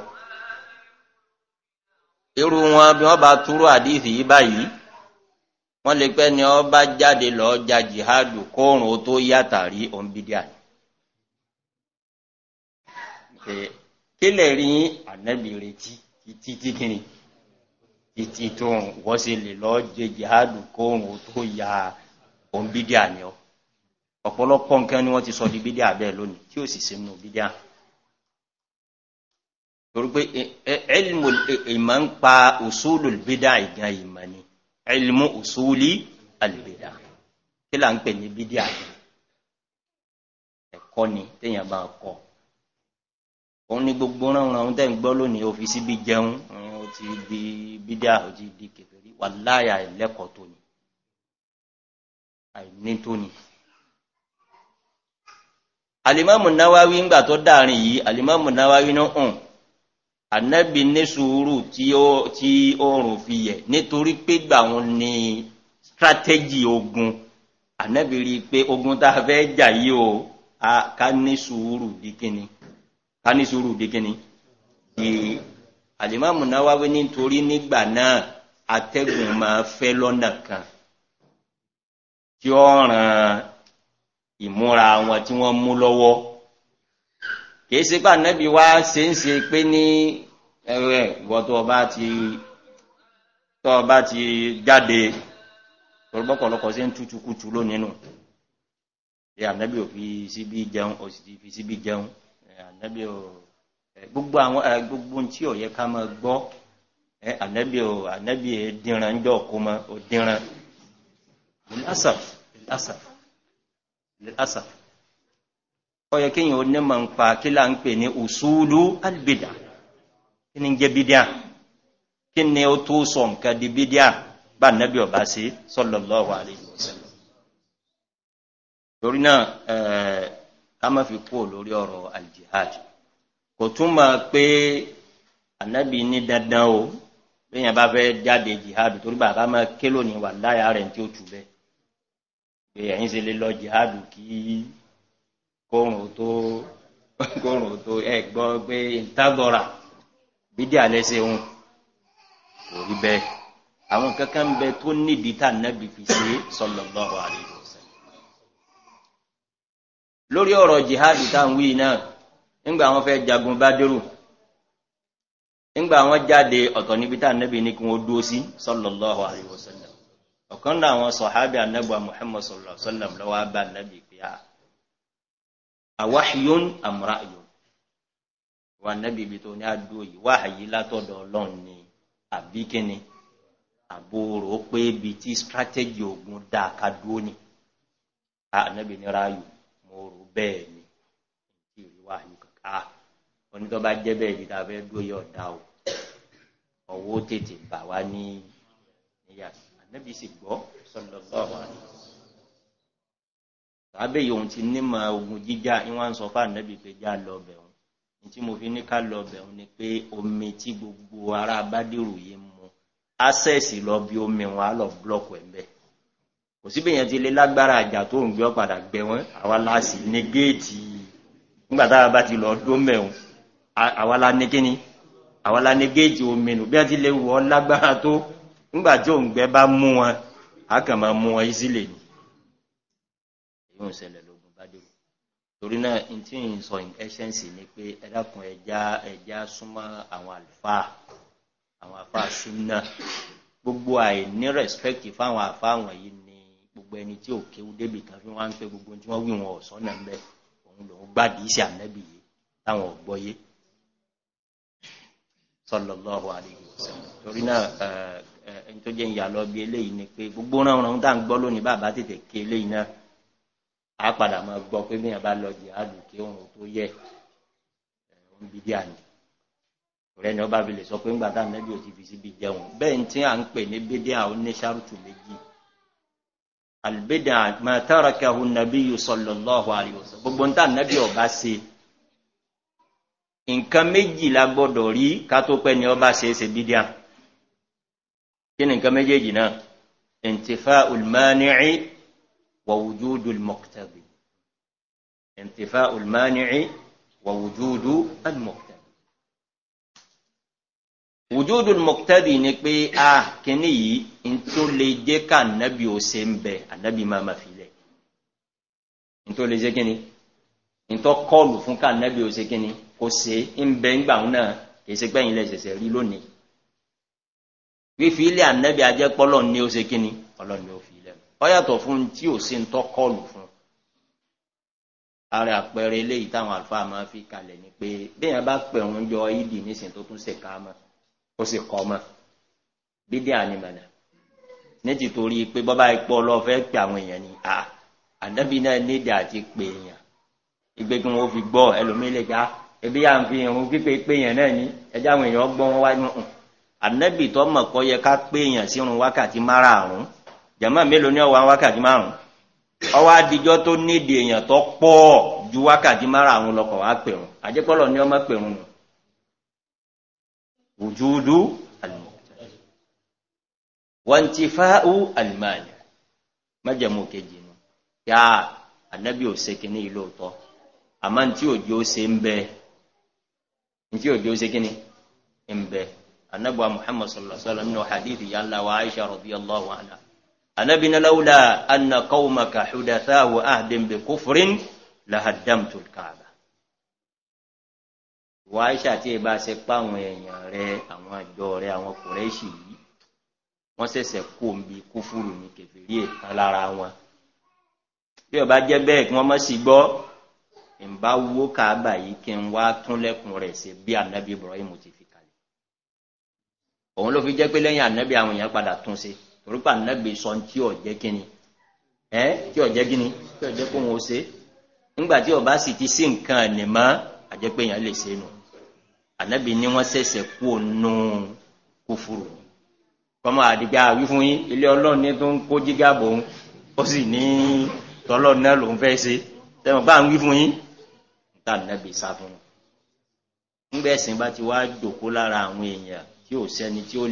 irú wọn bí wọ́n bá túrú àdìsí báyìí wọ́n lè pẹ́ ni ọ bá jáde lọ ja jihadu kóòrùn tó yàtàrí òǹbídíà kílẹ̀ rí ànẹ́bì retí títí tí kìíní títí tó ń wọ́n sì lè lọ jẹ jihadu kóòrùn tó ya òǹbídíà ni ọ ọ̀pọ̀lọpọ̀ nǹkan ni wọ́n ti sọ di bídíà bẹ́ẹ̀ lónìí tí ó sì sínú bídíà torí pé ìmọ̀ ń pa òṣòlù bídíà ìgbà ìmọ̀ ni ilmu usuli alibida kí là ń pè ní bídíà ẹ̀kọ́ ni téèyàn bá kọ́ òun ni gbogbo ránran òun tẹ́ ń gbọ́ lónìí ó fi síbi jẹun ó ti di bídíà ó ti di kẹfẹ́rí wà láyà ẹ̀lẹ́kọ̀ọ́ tó ni àìní tó ni alimami nawawi ńgbà tó dáàrin yìí alimami nawawi náà hàn ànábì ní sùúrù tí oòrùn fi yẹ nítorí pé gbà wọn ni strategy ogun ànábì rí i pé ogun tá a fẹ́ jà yìí o ká ní sùúrù di kíni ká ní sùúrù di kíni di àlìmáàmù náà wáwé nítorí nígbà náà atẹ́gùn máa fẹ́ lọ́nà kan tí ó ìmúra wọn tí wọ́n mú lọ́wọ́. kìí ṣe pé ànábì wá ṣe ń ṣe pé ní ẹ̀rẹ̀ ọba ti tó ọba ti jáde tọ́lọ́pọ̀lọpọ̀ ṣe ń tútù kùtù lónìí nù ṣe ànábì ò fi síbi jẹun ò sì fi síbi jẹun ànábì ò gbogbo àwọn gbogbo tí ò yẹ ká máa gbọ́ ànábì ò ànábì ò dínran jọ kó mọ ò dínran lásàf lásàf ọyẹ kíyàn ó ní ń pa kí là ń pè ní albida kí ni jẹ́ bídíà kí ni ó tó sọ nǹkan di bídíà bá nàbí ọba sí sọlọ́lọ́wọ́ àlejò torí náà eh, ká má fi kúrò lórí ọ̀rọ̀ aljihad kò túmọ̀ pé ànábì ní dandan o bẹ́yàn bá fẹ́ jáde jihad torí bàbá máa ké lónìí wà láyà rẹ̀ tí ó tù bẹ́ẹ̀ ṣe lọ jihad kóòrùn tó ẹgbọ́ pé ìtagọ́ra bídí àlẹ́sẹ̀ ohun kò rí bẹ́ẹ̀ àwọn kankan ń bẹ tó nídìí tà nábì fi ṣe sọlọ́gbọ́n àríwá lórí ọ̀rọ̀ jihadi táwọn wí náà wọn jagun bá dérò nígbà wọn jáde ọ̀tọ̀ níbi tá ànábì ní kí wọn dúró sí náà wọn a àwáhìyón àmúráyò wà nẹ́bí ibi tó ní àdúró yìí wáhàyí látọ̀dọ̀ ni àbí kíni àbúrò pé ibi tí strategy ogun dá a ká dúró ni ànẹ́bí ní ráyò mo rò bẹ́ẹ̀ ni kí ìrí wáhàyí kankan onítọ́ jẹ́ bẹ́ẹ̀ ni tá a fẹ́ o ọwọ́ tètè bà wá ní ìyá ànẹ́bí sì gbọ́ sọ́dọ̀ bá wà ní tàbí yòun ti nímọ̀ ogun jíjà ìwọ̀n ń sọ fún ànábì pé já lọ bẹ̀rùn tí mo fi ní ká lọ bẹ̀rùn ni pé omi tí gbogbo ara abádìrú yìí mu ásẹ̀sì lọ bí omi wọn á lọ búlọ̀kù ẹ̀bẹ̀ kò síbẹ̀ yẹn ti lé lágbára àjà tó ń gbé ọ padà gbẹ wọn àwa la sì ní géètì nígbà tá bá ti lọ dó mẹ́rùn àwa la ní kíni àwa la ní géètì omi nù bí wọ́n ti lè wọ́ lágbára tó nígbà tí òǹgbẹ bá mú wọn a mú wọn yìí ni yóò ṣẹlẹ̀ lógun bá dé torí náà n tí n sọ in essence ni pé ẹdákun ẹja ẹja súnmọ́ àwọn àlùfáà àwọn àfáà súnmọ́ gbogbo àìní respect fáwọn àfáà wọ̀nyí ni gbogbo ẹni tí ò kéwu débì kan fi wá ń pé gbogbo tí wọ́n wí wọn ọ̀sán náà ń bẹ òun lòún gbàdí sí ànẹ́bì yìí táwọn ọ̀gbọ́yé sọlọ́lọ́hu àdìgì ọ̀sẹ̀ torí náà ẹni tó jẹ́ ìyàlọ́ bí eléyìí ni pé gbogbo ránran tá à ń gbọ́ lónìí bàbá tètè ké eléyìí náà a padà máa gbọ́ pé bí yẹn bá lọ jihad kí òun tó yẹ òun bí díà ni ọ̀rẹ́ ni ọba fi lè sọ pé ńgbà tá nẹ́bí ò ti fi síbi jẹun bẹ́ẹ̀ ní tí à ń pè ní bídíà ó ní ṣárùtù méjì àlùbídà máa tára kẹhùn nàbí yìí lọ́hùn àríwọ̀sọ gbogbo ń tà nẹ́bí ọba ṣe nǹkan méjì la gbọ́dọ̀ rí ká tó pẹ́ ni ọba ṣe é ṣe bídíà kí ni nǹkan méjèèjì náà ìǹtìfà olùmọ́ni ووجود المقتضي انتفاء المانع ووجود المقتضي وجود المقتضي ni pé a kíní yìí n tó lè jẹ́ ká ànábì ò se ń bẹ ànábì máa ma fi lẹ̀ n tó lè jẹ́ kíní n tó kọlù fún ká ànábì ò se kíní kò se ń bẹ ń gbà ń náà kì í se gbẹ̀yìn lẹ̀ ṣẹ̀ṣẹ̀ rí lónìí fífi ilé ànábì ajẹ́pọ́lọ́ ni ó se kíní ọlọ́ni ó fi ọyàtọ̀ fún tí ò sí ń tọ́ kọlù fún ara àpẹẹrẹ eléyìí táwọn àlùfáà máa fi kalẹ̀ ni pé béèyàn bá pẹ̀ òun jọ ìdì nísìnyí tó tún ṣe ká mọ́ ó sì kọ́ mọ́ bídí ànímọ̀nà ní ti pé bọ́bá ipò ọlọ́fẹ́ pè àwọn èèyàn ni à ànábì náà nídìí àti pè èèyàn ìgbé kí wọn fi gbọ́ ẹlòmíín lè gbà ebi yà ń fi irun pípé pé èèyàn náà ní ẹjẹ́ àwọn èèyàn gbọ́ wá nù ànábì tó mọ̀ kọ́ yẹ ká pé èèyàn sírun wákàtí márààrún jama mélòó ní ọwọ́ wákàtí márùn ọwọ́ adijọ́ tó nídìí èèyàn tó pọ̀ ju wákàtí márùn àwọn lọkọ̀ wá pèrún àjẹpọ̀lọ̀ ní ọmọ pèrún nù wùjúdú àlùmọ̀tàlì wọ́n ti fáwù àlùmọ̀àlì májàmú kejì nù yá ànábì òsè kínní ìlú òótọ́ àmọ́ ntí òjò ṣe ń bẹ ntí òjò ṣe kínní ń bẹ ànábì muhammad sallallahu alaihi wa sallam nínú hadith yàrá wa aisha radiyallahu anha anabi na laula anna qaumaka hudathahu ahdin bi kufrin la haddamtul kaaba wa aisha ti ba se pa àwọn èyàn rẹ̀ àwọn àjọ rẹ̀ àwọn quraishi yìí wọ́n ṣẹ̀ṣẹ̀ kufuru ni kefiri e kan lára wọn bí ó bá jẹ́ bẹ́ẹ̀ kí wọ́n má sì gbọ́ n ba wo kaaba yìí kí n wá tún lẹ́kùn rẹ̀ ṣe bí anabi ibrahim ti fi kalẹ̀ òun ló fi jẹ́ pé lẹ́yìn anabi àwọn èèyàn padà tún ṣe orúkọ ànábì sọ tí ò jẹ kíni ẹ tí ọ jẹ́ kó wọn ṣe nígbà tí ọba sì ti sí nǹkan ẹ̀nì mọ́ àjẹpé yẹn lè nù ni wọn ṣẹ̀ṣẹ̀ kú ònú kúfúrú kọmọ àdìgbà wí yín ilé ọlọ́run tó ń kó jígà bò ń ó sì ní náà lòún ṣe bá ń yín níta ti wá jòkó lára àwọn èèyàn tí ò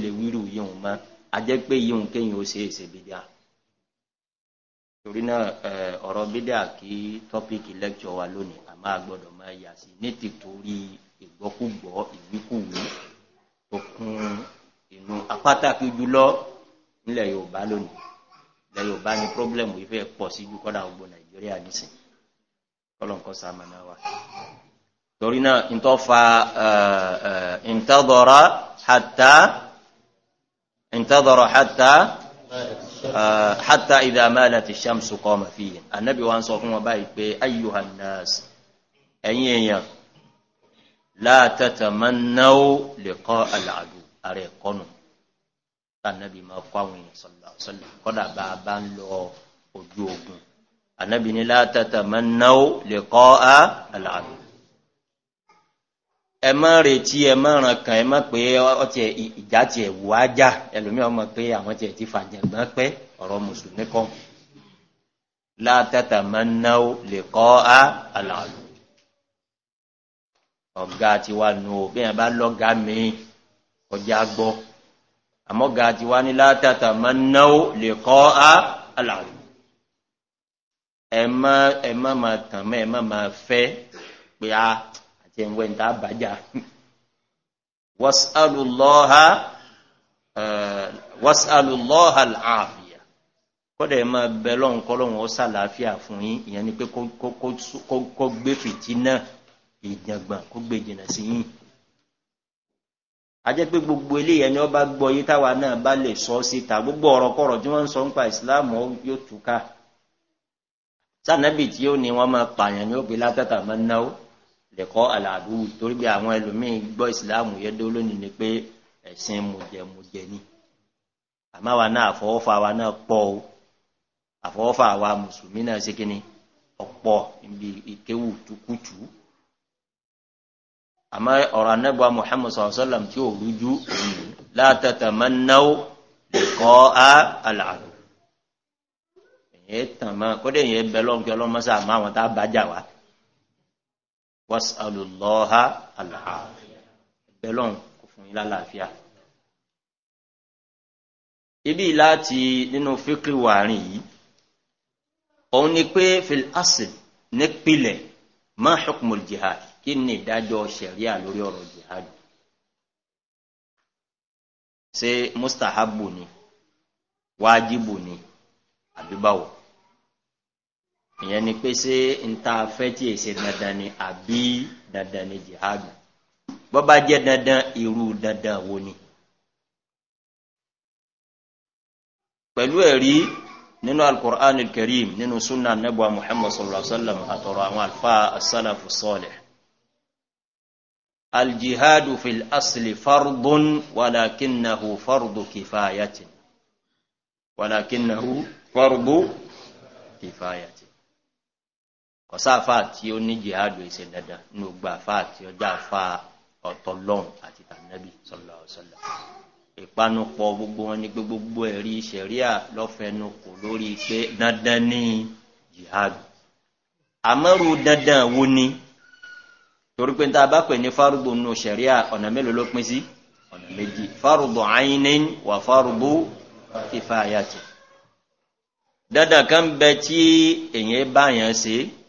tí ajẹ́ pé yíò kéyìn ó ṣe èsè bídíà torí náà ọ̀rọ̀ bídíà kí tọ́píkì lẹ́kṣọ́ wa lónìí a máa gbọ́dọ̀ máa yà sí ní ti torí ìgbọ́kúgbọ́ ìwíkúwí tó kún inú apátákì jùlọ nílẹ̀ yorùbá lónìí ilẹ̀ yorùbá ni pírọ́blẹ̀mù ìfẹ́ pọ̀ sí ju kọ́dà gbogbo nàìjíríà nísìn kọ́lọ̀ǹkọ́ sàmánà wa torí náà ìtọ́fà ìtọ́dọ̀rá hàtà intadara hatta hatta idha malat ash-shamsu qama fihi annabi wa sọ fún wa báyìí pé ayyuhan nas ẹ̀yin èyàn la tatamannu liqa al-adu are konu annabi ma ko àwọn èyàn sallallahu alaihi wasallam kódà bá bá ń ogun annabi ní la tatamannu liqa al-adu ẹ mọ́ retí ẹ mọ́ ràn kàn ẹ mọ́ pé ọtí ìjà tí ẹ wù ájá ẹlòmí ọmọ pé àwọn tí ẹ ti fàjẹ̀gbọ́n pé ọ̀rọ̀ mùsùlùmí kọ́ látàtà máa náwó lè kọ́ á àlàlù ọ̀gá ti nù ó bí ẹ bá lọ́gá mi ọjà gbọ́ àmọ́ ọ̀gá ti ní látàtà máa náwó lè kọ́ á àlàlù ẹ má ẹ má máa tàn mọ́ ẹ má máa fẹ́ pé a. tí ń wẹ́n tá bàjá wàsálùlọ́ha àfíà kọ́dẹ̀ ma bẹ̀lọ́ kọ́lọ́wọ́n ó sàlàáfíà fún yí ìyẹn ni pé kó gbé fìtí náà ìjàngbà kó gbé sí a jẹ́ pé gbogbo eléyẹn ni wọ́n bá gbọ́ yí táwa náà bá lè sọ síta gbogbo ọ̀rọ̀kọ̀rọ̀ tí wọ́n ń sọ ń ìsìláàmù yóò túká sànẹ́bì tí ó ní wọ́n máa pààyàn ní lẹ́kọ́ àlàdú torí pé àwọn ẹlòmíín gbọ́ ìsìláàmù yẹn dó lónìí ni pé ẹ̀sìn mùjẹ̀mùjẹ̀ ni àmọ́ àwa náà àfọwọ́fà wa náà pọ̀ o àfọwọ́fà wa mùsùlùmí náà ṣe kíni ọ̀pọ̀ níbi ìkéwù tukutu àmọ́ ọ̀rọ̀ anẹ́gbà muhammed sọ̀rọ̀sọ́làm tí ò rújú òun látàtà máa ń náwó lẹ́kọ́ á àlàdú tàn máa kódé yẹn bẹ lọ́nkẹ́ ọlọ́mọṣà máa wọn tá a bá jà wá wasalùlọ́ha àlàáfíà bẹ́lọ́n kò fún yín lálàáfíà. ibi láti nínú fíkì wàárín yìí òun ni pé phil asin nípìnlẹ̀ máa xukumul jihad kí ni ìdájọ́ sẹ̀ríà lórí ọ̀rọ̀ jihad ṣe mustahabu ni wájibu ni àbíbáwò ìyẹn ni pé ṣé n ta fẹ́ tí èsè dandan ni àbí dandan ni jihadu bọ́ bá jẹ́ dandan irú dandan wo ni. pẹ̀lú ẹ̀rí nínú alukur'an kareem nínú sunna anabuwa muhammad sallallahu alaihi wa sallam àtọ̀rọ̀ àwọn alfa asalafu sọ́ọ̀lẹ̀. الجهاد في الأصل فرض ولكنه فرض كفاية ولكنه فرض كفاية kọ̀sáfà tí ó ní jihadu ìṣe dandan ní ogbà àfà tí ọjà àfà ọ̀tọ̀lọ́hùn àti tànàbí sọ̀lá ọ̀sọ̀lá ìpanupọ̀ gbogbo wọn ní gbogbo ẹ̀rí sẹ̀ríà lọ́fẹ̀ẹ́nukù lórí pé dandan ní jihadu àmọ́rù dandan wo ni torí pé tá a bá pè ní fárúgbò nù sẹ̀ríà ọ̀nà mélòó ló pín sí ọ̀nà méjì fárúgbò àyínín wà fárúgbò ìfàyàtì dandan kan bẹ tí èyàn bá yàn ṣe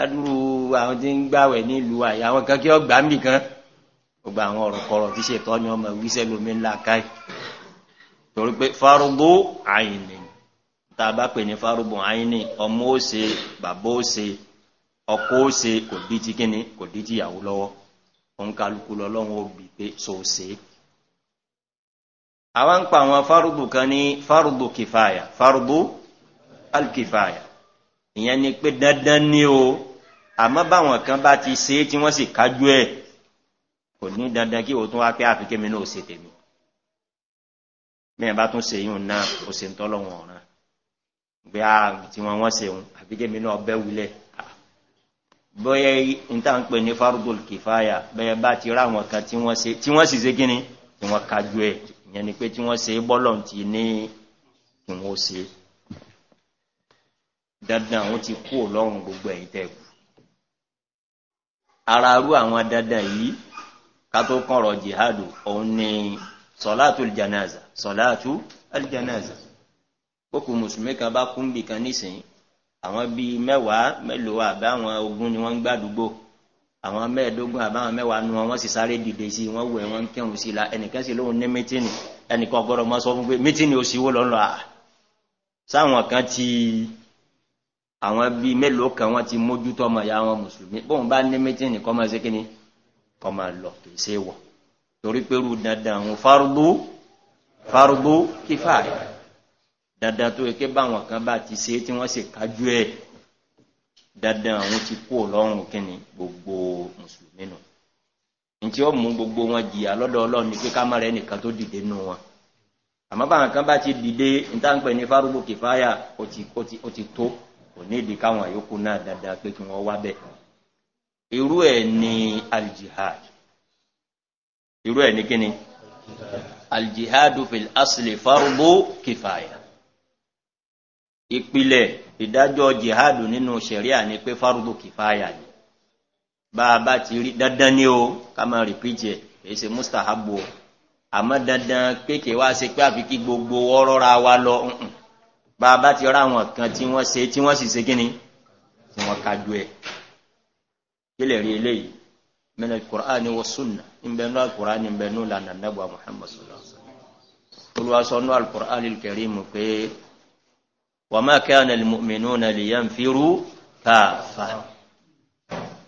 ládùúrú àwọn tí ń gbàwẹ̀ nílùú àyà àwọn kan kí ọgbà mì kan gbogbo àwọn ọ̀rọ̀ kọ̀rọ̀ tí ṣètọ́ ni ọmọ wíṣẹ́ lómi ńlá káì torí pé fárúgbó àyìnì tá a bá pè ní fárúgbó àyìnì ọmọ ó ṣe bàbá ó ṣe ọkọ ó ṣe kò dí ti kíni kò dí ti ìyàwó lọ́wọ́ òun kálukú lọ́lọ́run ó bì pé so ṣe é ń pa àwọn fárúgbó kan ní fárúgbó kìfàyà fárúgbó alkìfàyà ìyẹn ni pé dandan ni o àmọ́ báwọn kan bá ti ṣe é tí wọ́n sì kájú ẹ̀ kò ní dandan kí òótọ́ wá pé àfikẹ́ mi náà ò ṣe tèmi bẹ́ẹ̀ bá tún ṣe yún náà ó ṣe ń tọ́lọ̀ wọn ọ̀ràn gbé a tí wọ́n wọ́n ṣe òun àfikẹ́ náà bẹ́ wulẹ̀ bóyá n tá n pè ní farugol kìfáyà bẹ́ẹ̀ bá ti rá àwọn kan tí wọ́n sì ṣe kíni tí wọ́n kájú ẹ̀ ìyẹn ni pé tí wọ́n ṣe bọ́lọ̀ ti ní kí ṣe é dandan àwọn ti kú ọlọ́run gbogbo ẹ̀yìn tẹ́kù ara arú àwọn dandan yìí ká tó jihadu òun ni sọ̀látù aljanaza sọ̀látù aljanaza kókò mùsùlùmí kan bá kún bì kan nísìnyí àwọn bíi mẹ́wàá mélòó àbáwọn ogun ni wọ́n ń gbàdúgbò àwọn mẹ́ẹ̀ẹ́dógún àbáwọn mẹ́wàá nu wọn sì sáré dìde sí wọn wẹ̀ wọn kẹ́hùn sí la ẹnìkan sì lóun ní mítìnì ẹnìkan gbọ́dọ̀ mọ́ sọ fún pé mítìnì ò sí wó lọ́nà sáwọn kan ti àwọn bíi mélòó kan wọ́n ti mójútó ọmọ ìyá wọn mùsùlùmí bóun bá ní mítìnì kọ́ máa ṣe kí ni kọ́ máa lọ kì í ṣe wọ̀ torí pé irú dandan àwọn fárúgbó fárúgbó kífà rẹ̀ dandan tó yẹ báwọn kan bá ti ṣe tí wọ́n sì kájú ẹ̀ dandan àwọn ti kú ọlọ́run kí ni gbogbo mùsùlùmí nù ntí ó mú gbogbo wọn jìyà lọ́dọ̀ ọlọ́run ni pé ká má rẹ̀ nìkan tó dìde nù wọn àmọ́ báwọn kan bá ti dìde níta ń pè ní fárúgbó kífà kò ní ìdí káwọn yòókù náà dáadáa pé kí wọ́n wá bẹ̀. irú ẹ̀ ni aljihad irú ẹ̀ ni kíni aljihad fil asli farubu kifaya ìpìlẹ̀ ìdájọ́ jihad nínú sẹ̀ríà ni pé farubu kifaya ni bá a bá ti rí dandan ni o ká máa rìpíìtì èyí ṣe mustahabu o àmọ́ dandan pé wá ṣe pé àfi kí gbogbo ọ̀rọ̀ wa lọ. Mm bàbá ti rá àwọn kan tí wọ́n ṣe tí wọ́n sì ṣe gíní tí wọ́n kájú ẹ̀ kílẹ̀ rí eléyìí mẹ́lẹ̀ kùrán ni wọ́n súnà ìbẹ̀nú alkùrán ni ìbẹ̀nú lànà nẹ́bù muhammad sallallahu alaihi wasallam olùwàsánú alkùrán kẹrí mu pé wà má kẹ́ ànà mọ̀mìnú na lè yẹn firu káfà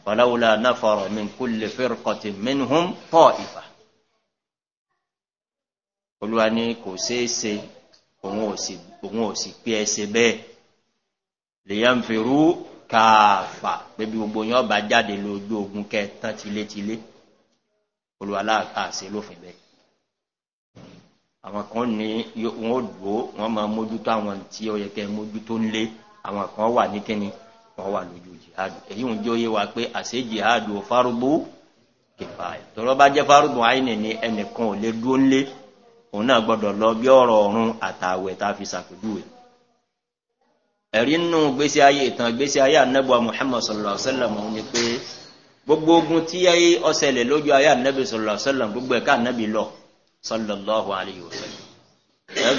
fọláwùlà náfọ̀rọ̀ mi kú lè fi rọ̀kọ̀tì mẹ́nuhùn pọ̀ ìfà olùwà ni kò ṣeé ṣe òun ò sì pé ẹsẹ bẹ́ẹ̀ lèyàn fi rú káàfà pébi gbogbo yẹn ọba jáde lójú ogun kẹtàn tilétilé olùwàláàkà àṣẹ lófin bẹ́ẹ̀ àwọn kan ní wọn ò dúró wọn máa mójútó àwọn tí ó yẹ kẹ mójútó ńlé àwọn kan wà ní kíni wọn wà lójú jihadu èyí ń jẹ́ òye wa pé àṣẹ jihadu fárúgbó kẹfà tọ́lọ́ bá jẹ́ fárúgbó àyìnì ni ẹnìkan ò lè dúró ńlé. òun náà gbọ́dọ̀ lọ bí ọrụ ọrụ àtàwẹ̀ tá a fi ṣàpèjúwe ẹ̀rí nínú gbésí ayé ìtàn gbésí ayé muhammad sọlọ sẹlẹm òun ni pé gbogbo ogun tí ayé ọ̀sẹ̀lẹ̀ lójú ayé anabi sọlọ sẹlẹm gbogbo ẹ̀ka anábì lọ sọlọ lọ́hùn àlejò sẹlẹm ẹ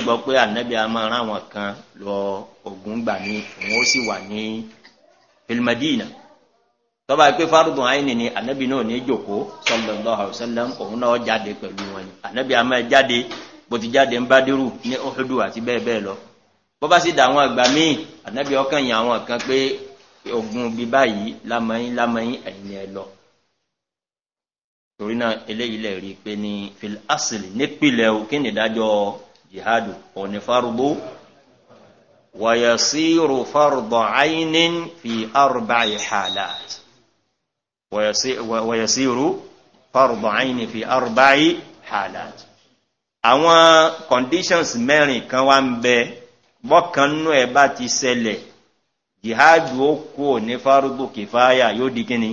gbọ́ pé tọ́ba pé fárúdùn àìní ni ànábì náà ní jòkó sọlọ́lọ́ àwòsẹ́lẹ̀m òun náà jáde pẹ̀lú wọn ni ànábì àmọ́ ẹ jáde bó ti jáde ń bá dérú ní ọ̀húdù àti bẹ́ẹ̀ bẹ́ẹ̀ lọ bó sì dà àwọn àgbà míì ànábì ọkàn yìí àwọn kan pé ogun bí báyìí lámọ́yìn lámọ́yìn ẹ̀yìn ẹ lọ. torí náà eléyìí lè rí i pé ní phil asili nípìnlẹ̀ o kí ni ìdájọ́ jihadu òní fárúgbó wàyà sí wọ̀yẹ̀síru fọ́rùbọ̀áyìn fi arúbáyí hàlàt àwọn conditions mẹ́rin kan wá ń bẹ bọ́kanú ẹ bá ti sẹlẹ̀ jihadu ó kú ò ní fárúgbò kìfáyà yóò di kíni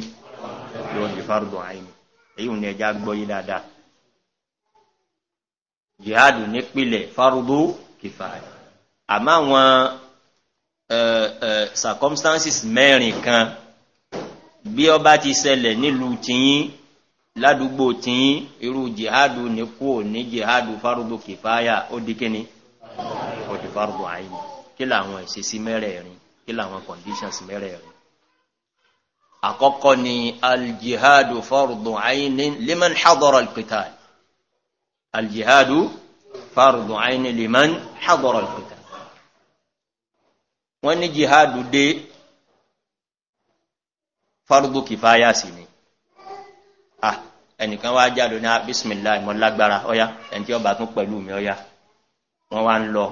yóò di fárúgbò àìní èyí ò ní ẹja gbọ́ yí dáadáa jihadu nípìlẹ̀ fárúgbò kìfáyà àmọ́ àwọn circumstances mẹ́rin kan bí ọba ti ṣẹlẹ̀ nílùú tìyín ládùúgbò tìyín irú jihadu ní kú ní jihadu farudu kìfáyà ó di kíni ó di farudu àyìn kí làwọn ìṣesí mẹ́rẹ̀ẹ̀rin kí làwọn conditions mẹ́rẹ̀ẹ̀rin. àkọ́kọ́ ni aljihadu farudu àyìn liman hadara alqital aljihadu farudu àyìn liman hadara alqital. wọ́n ní jihadu dé fárúgbó kifaya sí ni ẹnìkan wá jáde ní ah, bísmìlá ìmọ̀lágbára ọya ẹni tí ọba tún pẹ̀lú mi ọya wọ́n wá ń lọ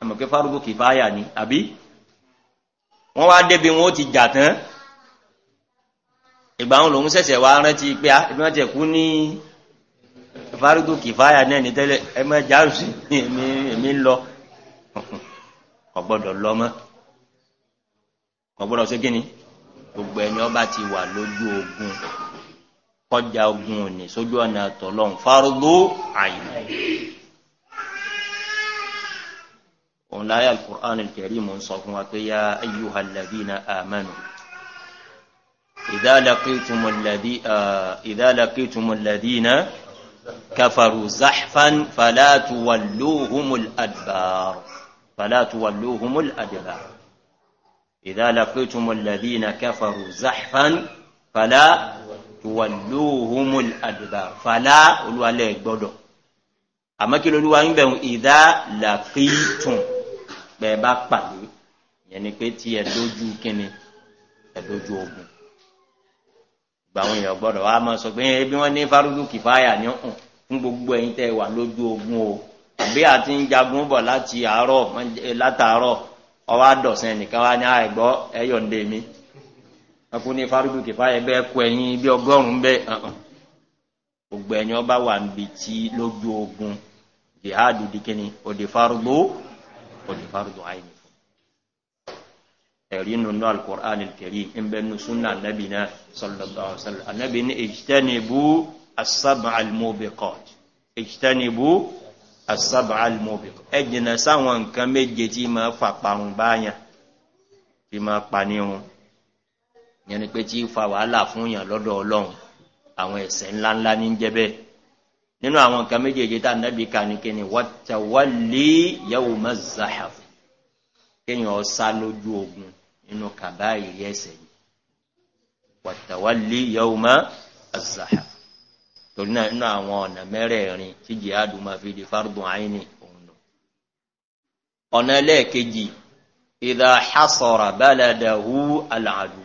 ẹmọ̀ pé fárúgbó kìfáyà ni àbí wọ́n wá débi wọn ó ti jà tán ìgbà wọn lòun sẹ̀sẹ̀ wá rántí pé ah, ibi wọn tẹ̀ kú ní fárúgbó kìfáyà náà ní tẹ́lẹ̀ ẹmọ jáàsì èmi ń lọ ọgbọ́dọ̀ lọ mọ́ ọgbọ́dọ̀ sí kíni gbogbo ẹni ọba ti wà lójú ogun kọjá ogun òní sójú ọ̀nà tọ̀lọ́hún fárúgbó àyè. òun láyé alukur'an kẹrí mò ń sọ fún wa pé yá ayú halabi na amánu. إذا لقيتم الذين كفروا زحفا فلا تولوهم الأدبار فلا تولوهم الأدبار إذا لقيتم الذين كفروا زحفا فلا تولوهم الأدبار فلا أولو عليه بلو أما كيلو لو أنبهم إذا لقيتم بابا قلي يعني كتي يدوجو كني يدوجو أبو gbàwọn èèyàn gbọdọ wa máa sọ pé ẹbí wọn ní fárúdù kìfáyà ní ọhún fún gbogbo ẹyin tẹ wà lójú ogun o àbí àti ń jagun bọ láti àárọ látàárọ ọwọ́ àdọ̀sán ẹnìkan wá ní àìgbọ́ ẹ̀yọ̀ ń dé mi ẹkùn ní fárúgbù kìfà ẹgbẹ́ ẹkù ẹ̀yìn bí ọgọ́rùn-ún bẹ́ẹ̀ hàn uh-uh. gbogbo ẹ̀yìn ọba wà níbi tí lójú ogun jihadu di kíni òdì fárúgbù òdì fárúgbù àìní fún ẹ̀rí nínú alukur'an kẹrí ẹ̀ńbẹ́ nínú súnà anábì náà sọlọ́dọ̀ sọlọ́ anábì ní èjìtẹ́nibú asábà alimóbekọ́t èjìtẹ́nibú asábà alimobiq ẹ jìnnà sáwọn nǹkan méje tí máa fà parun báyàn tí máa pa ní wọn yẹn ni pé tí fa wàhálà fún yàn lọ́dọ̀ ọlọ́run àwọn ẹ̀sẹ̀ ńláńlá ní jẹ́ bẹ́ẹ̀ nínú àwọn nǹkan méjèèjì tá nàbí kan ní kíni wàtàwálì yẹwò mẹzàhà kéèyàn ọsá lójú ogun nínú kàbáyé ẹsẹ̀ yìí wàtàwálì yẹwò mẹzàhà torí náà nínú àwọn ọ̀nà mẹ́rẹ̀ẹ̀rin tí jihadu máa fi di fardun aini òun lò ọ̀nà ẹlẹ́ẹ̀kejì ìdá hasọ̀rọ̀ báladahu aláàdù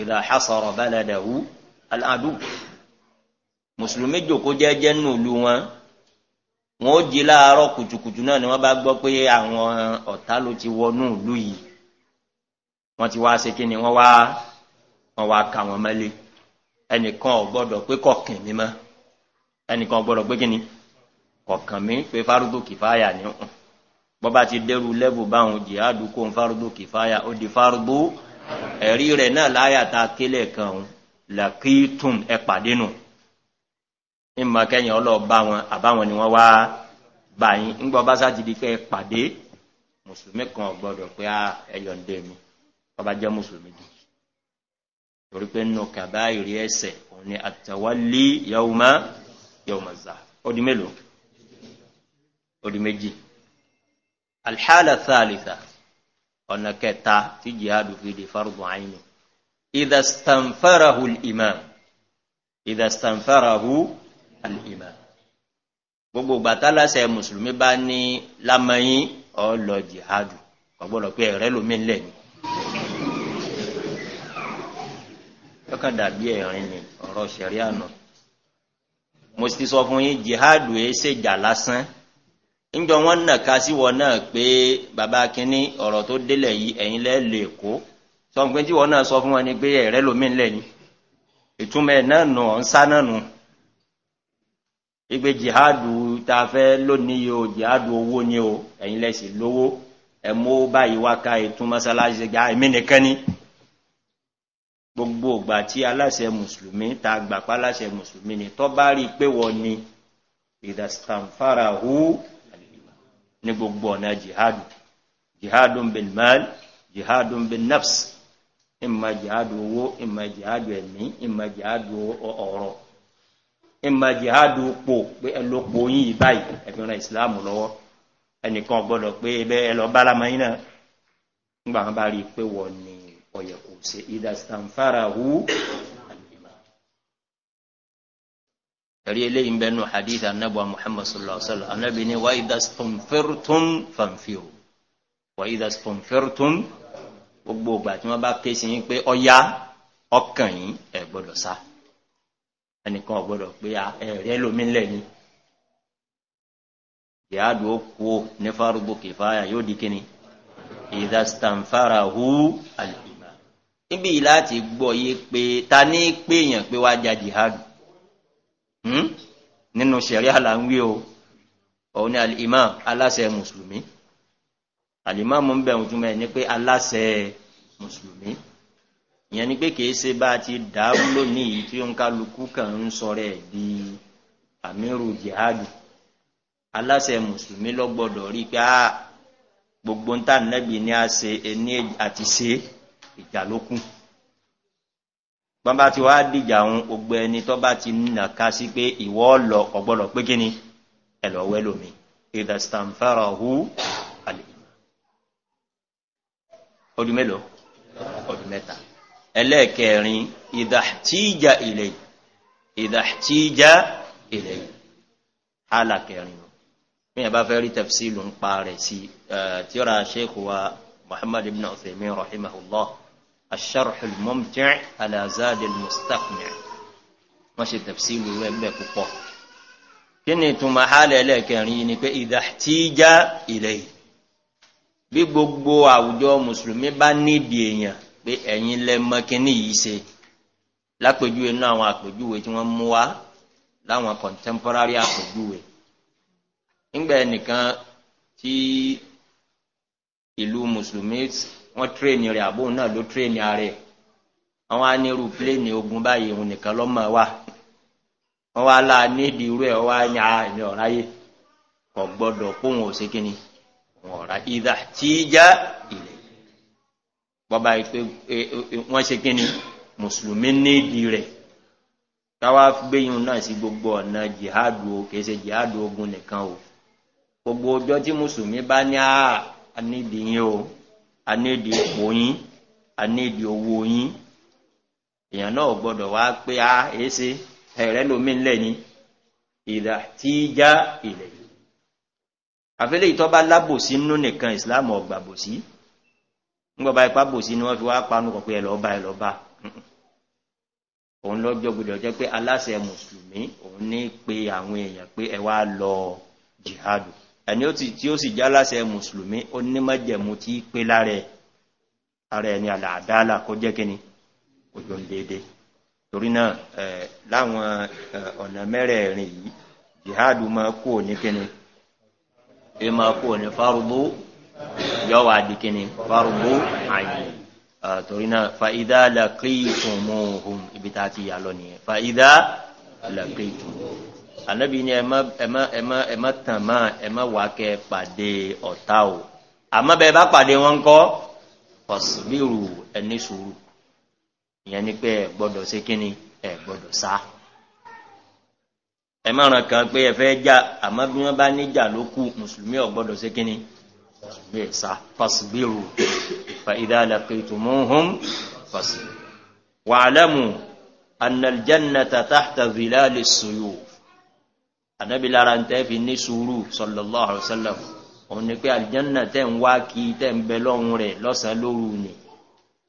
ìdá hasọ̀rọ̀ báladahu aláàdù mùsùlùmí jòkó jẹ́jẹ́ nínú ìlú wọn wọn ó jí láàárọ̀ kùtùkùtù náà ni wọ́n bá gbọ́ pé àwọn ọ̀tá ló ti wọnú ìlú yìí wọ́n ti wá ṣe kí ni wọ́n wá wọ́n wá ka wọn mẹ́lẹ́ ẹnìkan ò gbọ́dọ̀ pé kọ̀kìn mi mọ́ ẹnìkan ò gbọ́dọ̀ pé kí ni kọ̀kàn mi pé fárúgbò kìfáyà ni ọ̀hún bọ́bá ti dẹ́rù lẹ́bù báwọn jihadu kó ń fárúgbò kìfáyà ó di fárúgbò ẹ̀rí rẹ̀ náà láyà tá a kélé kan ọ̀hún làkìtùm ẹ pàdé nù ìmọ̀ kẹ́yìn ọlọ́ọ̀bá wọn àbáwọn ni wọ́n wá báyìí ńgbọ́ bá sá ti di pé ẹ pàdé mùsùlùmí kan ò gbọ́dọ̀ pé ah, ẹyọ̀ ń dé mi bọ́bá jẹ́ mùsùlùmí dùn torí pé nù kàbá ìrí ẹsẹ̀ òun ni àtàwálé yauma yauma zà ọdí mélòó ọdí méjì alḥàlà thalitha ọ̀nà kẹta tí jihadu fi di fardu ainu idastanfarahu al'imam idastanfarahu al'imam gbogbo gbàtálàsẹ̀ bá ní lámọ́yìn ọ̀lọ́ jihadu ọ̀gbọ́dọ̀ pé ẹ̀rẹ́ lómi ńlẹ̀ lọ́kàn dàbí ẹ̀rín ni ọ̀rọ̀ ṣẹ̀rí àná mo ti sọ fún yín jihadu ṣe ṣèjà lásán ńjọ wọn nàka sí wọn náà pé bàbá kínní ọ̀rọ̀ tó délẹ̀ yìí ẹ̀yin lẹ́ lè kó sọ fún wọn ni pé lomi ìtumọ̀ ẹ̀ náà nù jihadu ta fẹ́ lónìí jihadu owó ni o ẹ̀yin lẹ́sìn lówó báyìí wá ká nìkan ni. gbogbo ògbà tí aláṣẹ mùsùlùmí ta gbàpá aláṣẹ mùsùlùmí ni tọ́ bá rí i pé wọ́n ni ìdàstàǹfàrà hu ní gbogbo ọ̀nà jihadu jihadu bin mal jihadu bin nafs ìmọ̀ jihadu owó ìmọ̀ jihadu ẹ̀mí ìmọ̀ jihadu ọ̀rọ̀ ìmọ̀ jihadu pé yín yìí báyìí ìsìláàmù lọ́wọ́ ẹnìkan gbọ́dọ̀ pé ẹ lọ bá lámọ́ yín náà nígbà wọn bá rí i pé wọ́n ni ṣe ìdàstànfàràhù ẹ̀rí eléyìí ń bẹ حديث hadith محمد صلى الله عليه وسلم sallam anábì ni wàá ìdàstànfẹ́rùtún fanfíò wàá ìdàstànfẹ́rùtún gbogbo ìgbà tí wọ́n bá ké sí yín pé ọya ọkàn yín ẹ̀ gbọ́dọ̀ sá ẹnìkan ọ̀gbọ́dọ̀ pé ẹ̀rẹ́ lómi lẹ́yìn ìyáàdù ó kú ní fárúgbó yóò di kíni ìdàstànfàràhù àlè níbi láti gbọ́ yé pé ta ní pé èèyàn pé wá ja jihad hmm? nínú sẹ̀rí àlàńwí o òun ni alìmá aláṣẹ mùsùlùmí alìmá mú bẹ̀rù túnmọ̀ ẹ̀ ní pé aláṣẹ mùsùlùmí ìyẹn ni pé kìí ṣe bá a ti dàrú lónìí tí ó ń kálukú kàn ń sọ̀rọ̀ ẹ̀ di àmírù jihad aláṣẹ mùsùlùmí lọ́gbọ́dọ̀ rí pé ah, gbogbo ń tà nẹ́bí ni a ṣe ẹni àti ṣe é ìjà ló kún bọ́nbá ti wá dìjà òun gbogbo ẹni tó bá ti nà ká sí pé ìwọ́ lọ ọ̀gbọ́lọ̀ pé kí ni ẹ̀lọ́wẹ́ lómi ìdàstàǹfàrà hu àlè ọdún mélòó ọdún mẹ́ta ẹlẹ́ẹ̀kẹrin ìdàtíjà ilẹ̀ ìdàtíjà ilẹ̀ alákẹrin bí yẹn bá fẹ́ rí tẹ̀fsílù ń rẹ̀ sí tí ó ra ṣéèkù wa muhammad rahimahullah الشرح الممتع على زاد المستقنع ماشي تفسير ويبقى كوكو kíni túnmà hálẹ̀ lẹ́ẹ̀kẹrin ni pé ìdáhtíjá ilẹ̀ bí gbogbo àwùjọ mùsùlùmí bá nídi èèyàn pé ẹ̀yìn lẹ́mọ kíní yìí ṣe lápèjúwe náà àwọn àpèjúwe tí wọ́n mú wá láwọn contemporary àpèjúwe nígbà ẹnìkan tí ìlú mùsùlùmí wọ́n tírénì rẹ̀ àbóun náà ló tírénì ààrẹ àwọn anirú pléènì ogun báyìí òun nìkan lọ́mọ wa wọ́n wá láà nídìí irú ẹ̀ wá ní ah, kò gbọ́dọ̀ ìdá tí í já ilẹ̀ e, e, wọ́n ṣe kínní mùsùlùmí nídìí rẹ̀ káwá náà sí gbogbo ọ̀nà jihadu o kìí jihadu ogun nìkan o gbogbo ọjọ́ tí mùsùlùmí bá ní ah, nídìí o. anéèdì ipò yín anéèdì owó yín èèyàn náà gbọdọ̀ wá pé a èéṣe ẹ̀rẹ́ lomi ńlẹ̀ ni ìdà tí já ilẹ̀ àfẹ́lẹ́ ìtọ́ba lábòsí nínú nìkan ìsìláàmù ọgbà bòsí ńgbọ̀ba ipá bòsí ni wọ́n fi wá panu kọ̀ pé ẹ lọ́ọ́ bá ẹ lọ́ọ́ bá òun lọ́jọ́ gbọdọ̀ jẹ́ pé aláṣẹ mùsùlùmí òun ní pe àwọn èèyàn pé ẹ wá lọ jihadu ẹni tí ó sì jálásẹ mùsùlùmí ó ní májẹ̀mú tí pé lára ara ẹni àdáàlà kó jẹ́ kíni òjò ń dédé torí náà láwọn ọ̀nà mẹ́rẹ̀ẹ̀rin yìí jihadu máa kú òní kíni e máa kú òní fárúgbó yọ́wà di kíni fárúgbó àyè torí náà fa'idá lakéètùmù ohun ibi tá ti yà lọ nìyẹn fa'idá lakéètùmù ohun anabi ni ẹma ẹma ẹma ẹma tàn má ẹma wà kẹ pàdé ọ̀tá o àmọ́ bẹ́ẹ̀ bá pàdé wọn kọ́ ọ̀sùnbíru ẹni sùúrù ìyẹn ni pé ẹ gbọ́dọ̀ ṣe kínni ẹ gbọ́dọ̀ sá ẹ má ràn kàn pé ẹ fẹ́ jà àmọ́ bí wọ́n bá níjà ló kù mùsùlùmí ọ̀ gbọ́dọ̀ ṣe kínni mùsùlùmí ẹ̀ sá fàṣùbíru fa ìdáàlà wàhálà mu anàlìjánà tàtàtà vìlálì sùúrù ànábi lára ń tẹ́ fi ní sùúrù sallallahu alaihi wasallam òun ni pé àlìjánná tẹ́ ń wá kí tẹ́ ń bẹ lọ́run rẹ̀ lọ́sàn-án lóru ni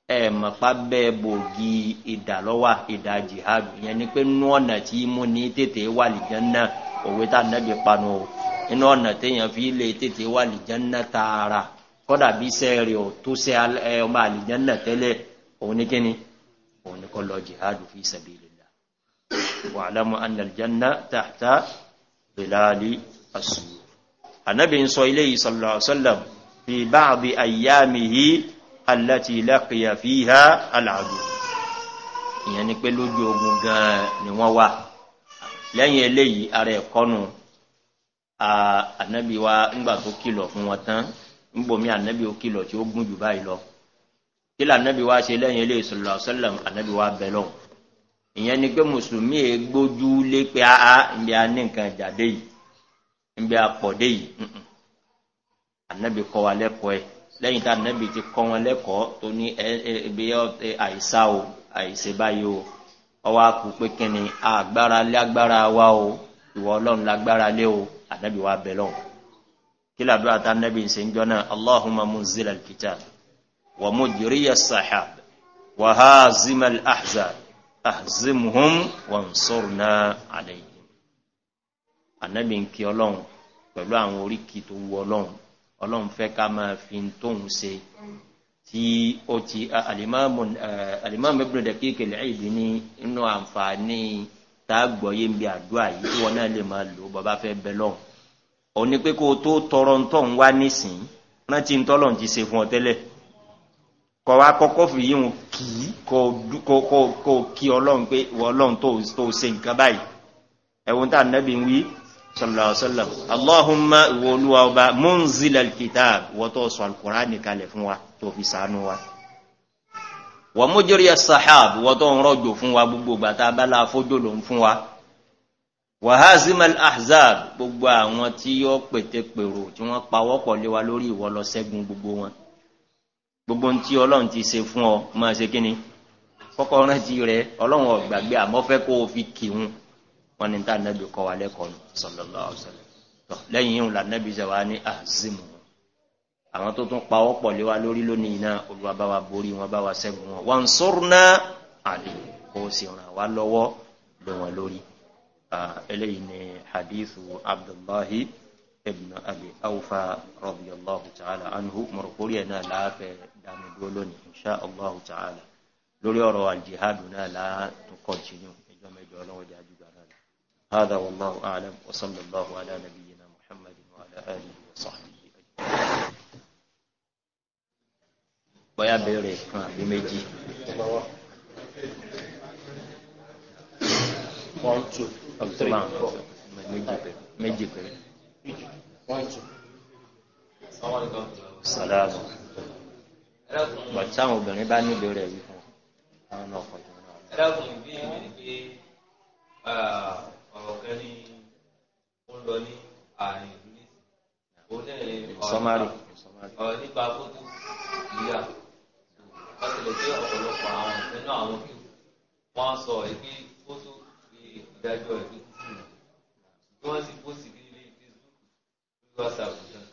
ẹ mọ̀ pa bẹ́ẹ̀ bògì ìdálọ́wà ìdá jihad yẹn ni pé nú ọ̀nà tí mo ní tètè wà àlìjánná òwe tá ànábi panu o inú ọ̀nà téèyàn fi lè tètè wà àlìjánná tààrà kọ́dà bí iṣẹ́ rẹ̀ ò tó ṣe ọmọ àlìjánná tẹ́lẹ̀ òun ni kíni òun ni kọ́ lọ jihad fi sabilillah wa'lamu anna aljanna tahta bèlàlì àṣùwò ànábì ń sọ ilé ìsọ̀lọ̀sọ́lọ̀m fi báàbí àyàmìhí aláti lápẹ̀yà fi ha aláàbò ìyẹn ni pé lójú ogun gan-an ni wọ́n wà lẹ́yìn eléyìí ara ẹ̀kọ́nu ànábì wa ńgbà tó kìlọ̀ fún wọn tán ńgbòmí ànábì ó kìlọ̀ tí ó gùn jù báyìí lọ kí lànábì wa ṣe lẹ́yìn eléyìí sọ̀lọ̀sọ́lọ̀m ànábì wa bẹ̀ lọ́hùn ìyẹn ni pé mùsùlùmí gbójú lé pé áá a ní nǹkan jáde yìí níbi a yìí ànábì kọ́ wa lẹ́kọ̀ọ́ ẹ̀ lẹ́yìn ti kọ́ lẹ́kọ̀ọ́ tó ní àìsá o àìsè báyìí o ọwọ́ àpò pé kí agbára lé agbára wa o ìwọ ọlọ́run lágbára lé o wa bẹ̀ lọ́wọ́ kí ń ń ahzab. ahzimuhum wansorna alayhim anabi ń kí ọlọ́run pẹ̀lú àwọn oríkì tó wu ọlọ́run ọlọ́run fẹ́ ká máa fi ń tóun ṣe tí ó ti alimami ibùdó kéèké lẹ́yìn ní inú àǹfààní tá a gbọ́ yé ń bi àdúrà yìí tí wọn náà lè máa lò bàbá fẹ́ bẹ lọ́hùn òun ni pé kó o tó tọrọ ń tọ̀ ń wá nísìnyí rántí ń tọ́lọ̀ ń ti ṣe fún ọ tẹ́lẹ̀ kọ wa kọ́kọ́ fi yíwọn kì í kọ kí ọlọ́run pé wọ ọlọ́run tó ṣe nǹkan báyìí ẹ̀wọ̀n tá nẹ́bí wí sọ̀lọ̀sọ̀lọ̀ allahumma ìwọ olúwa ọba munzil alkitab wọ́n tó sọ alukura nìkalẹ̀ fún wa tó fi sànú wa wọ́n mójúrí asahab wọ́n tó fún wa gbogbo gbàtà abala afójò ló ń fún wa wahazimal ahzab gbogbo àwọn tí yóò pètè pèrò tí wọ́n pawọ́pọ̀ lé wa lórí ìwọ gbogbo wọn gbogbo ń tí ọlọ́run ti ṣe fún ọ máa ṣe kíni kọ́kọ́ rántí rẹ ọlọ́run ọ̀gbàgbé àmọ́ fẹ́ kó o fi kì í wọn ni tá nàbì kọ́ wa lẹ́kọ̀ọ́ nù sọlọ́lá ọ̀sẹ̀lẹ̀ tọ́ lẹ́yìn ìhùn lànàbì ṣe wá ní azimu àwọn tó tún pa ọ́pọ̀ lé wa lórí lónìí náà olúwa bá wa borí wọn bá wa ṣẹ́gun wọn wọn sọ̀rọ̀ náà àlè kó o sì ràn wá lọ́wọ́ lé wọn lórí eléyìí ni hadithu abdullahi ibn abi awfa rọ̀bìyàlláhu ta'ala anhu mọ̀rọ̀kórí ẹ̀ náà láàfẹ́ dámi dúró lónìí inṣá allahu ta'ala lórí ọ̀rọ̀ aljihadu náà látún kọ̀jínú ẹjọ́ mẹ́jọ ọlọ́wọ́ di ajúgbà náà lọ hádà wallahu alam wa sallallahu ala nabiyyina muhammadin wa ala alihi wa sahbihi bóyá béèrè bàtí táwọn obìnrin bá nílò rẹ̀ yìí fún àwọn náà kọjú náà. ẹ dákun ìbéèrè mi ni pé ọ̀rọ̀ kan ní ó ń lọ ní àárín ìlú ní onírin ọ̀rọ̀ nípa fótó ìyá láti lè ọ̀pọ̀lọpọ̀ àwọn nínú àwọn kí wọ́n sọ pé fótó ìdájọ́ ẹ̀ tí wọ́n sì pósì ní ilé Facebook lórí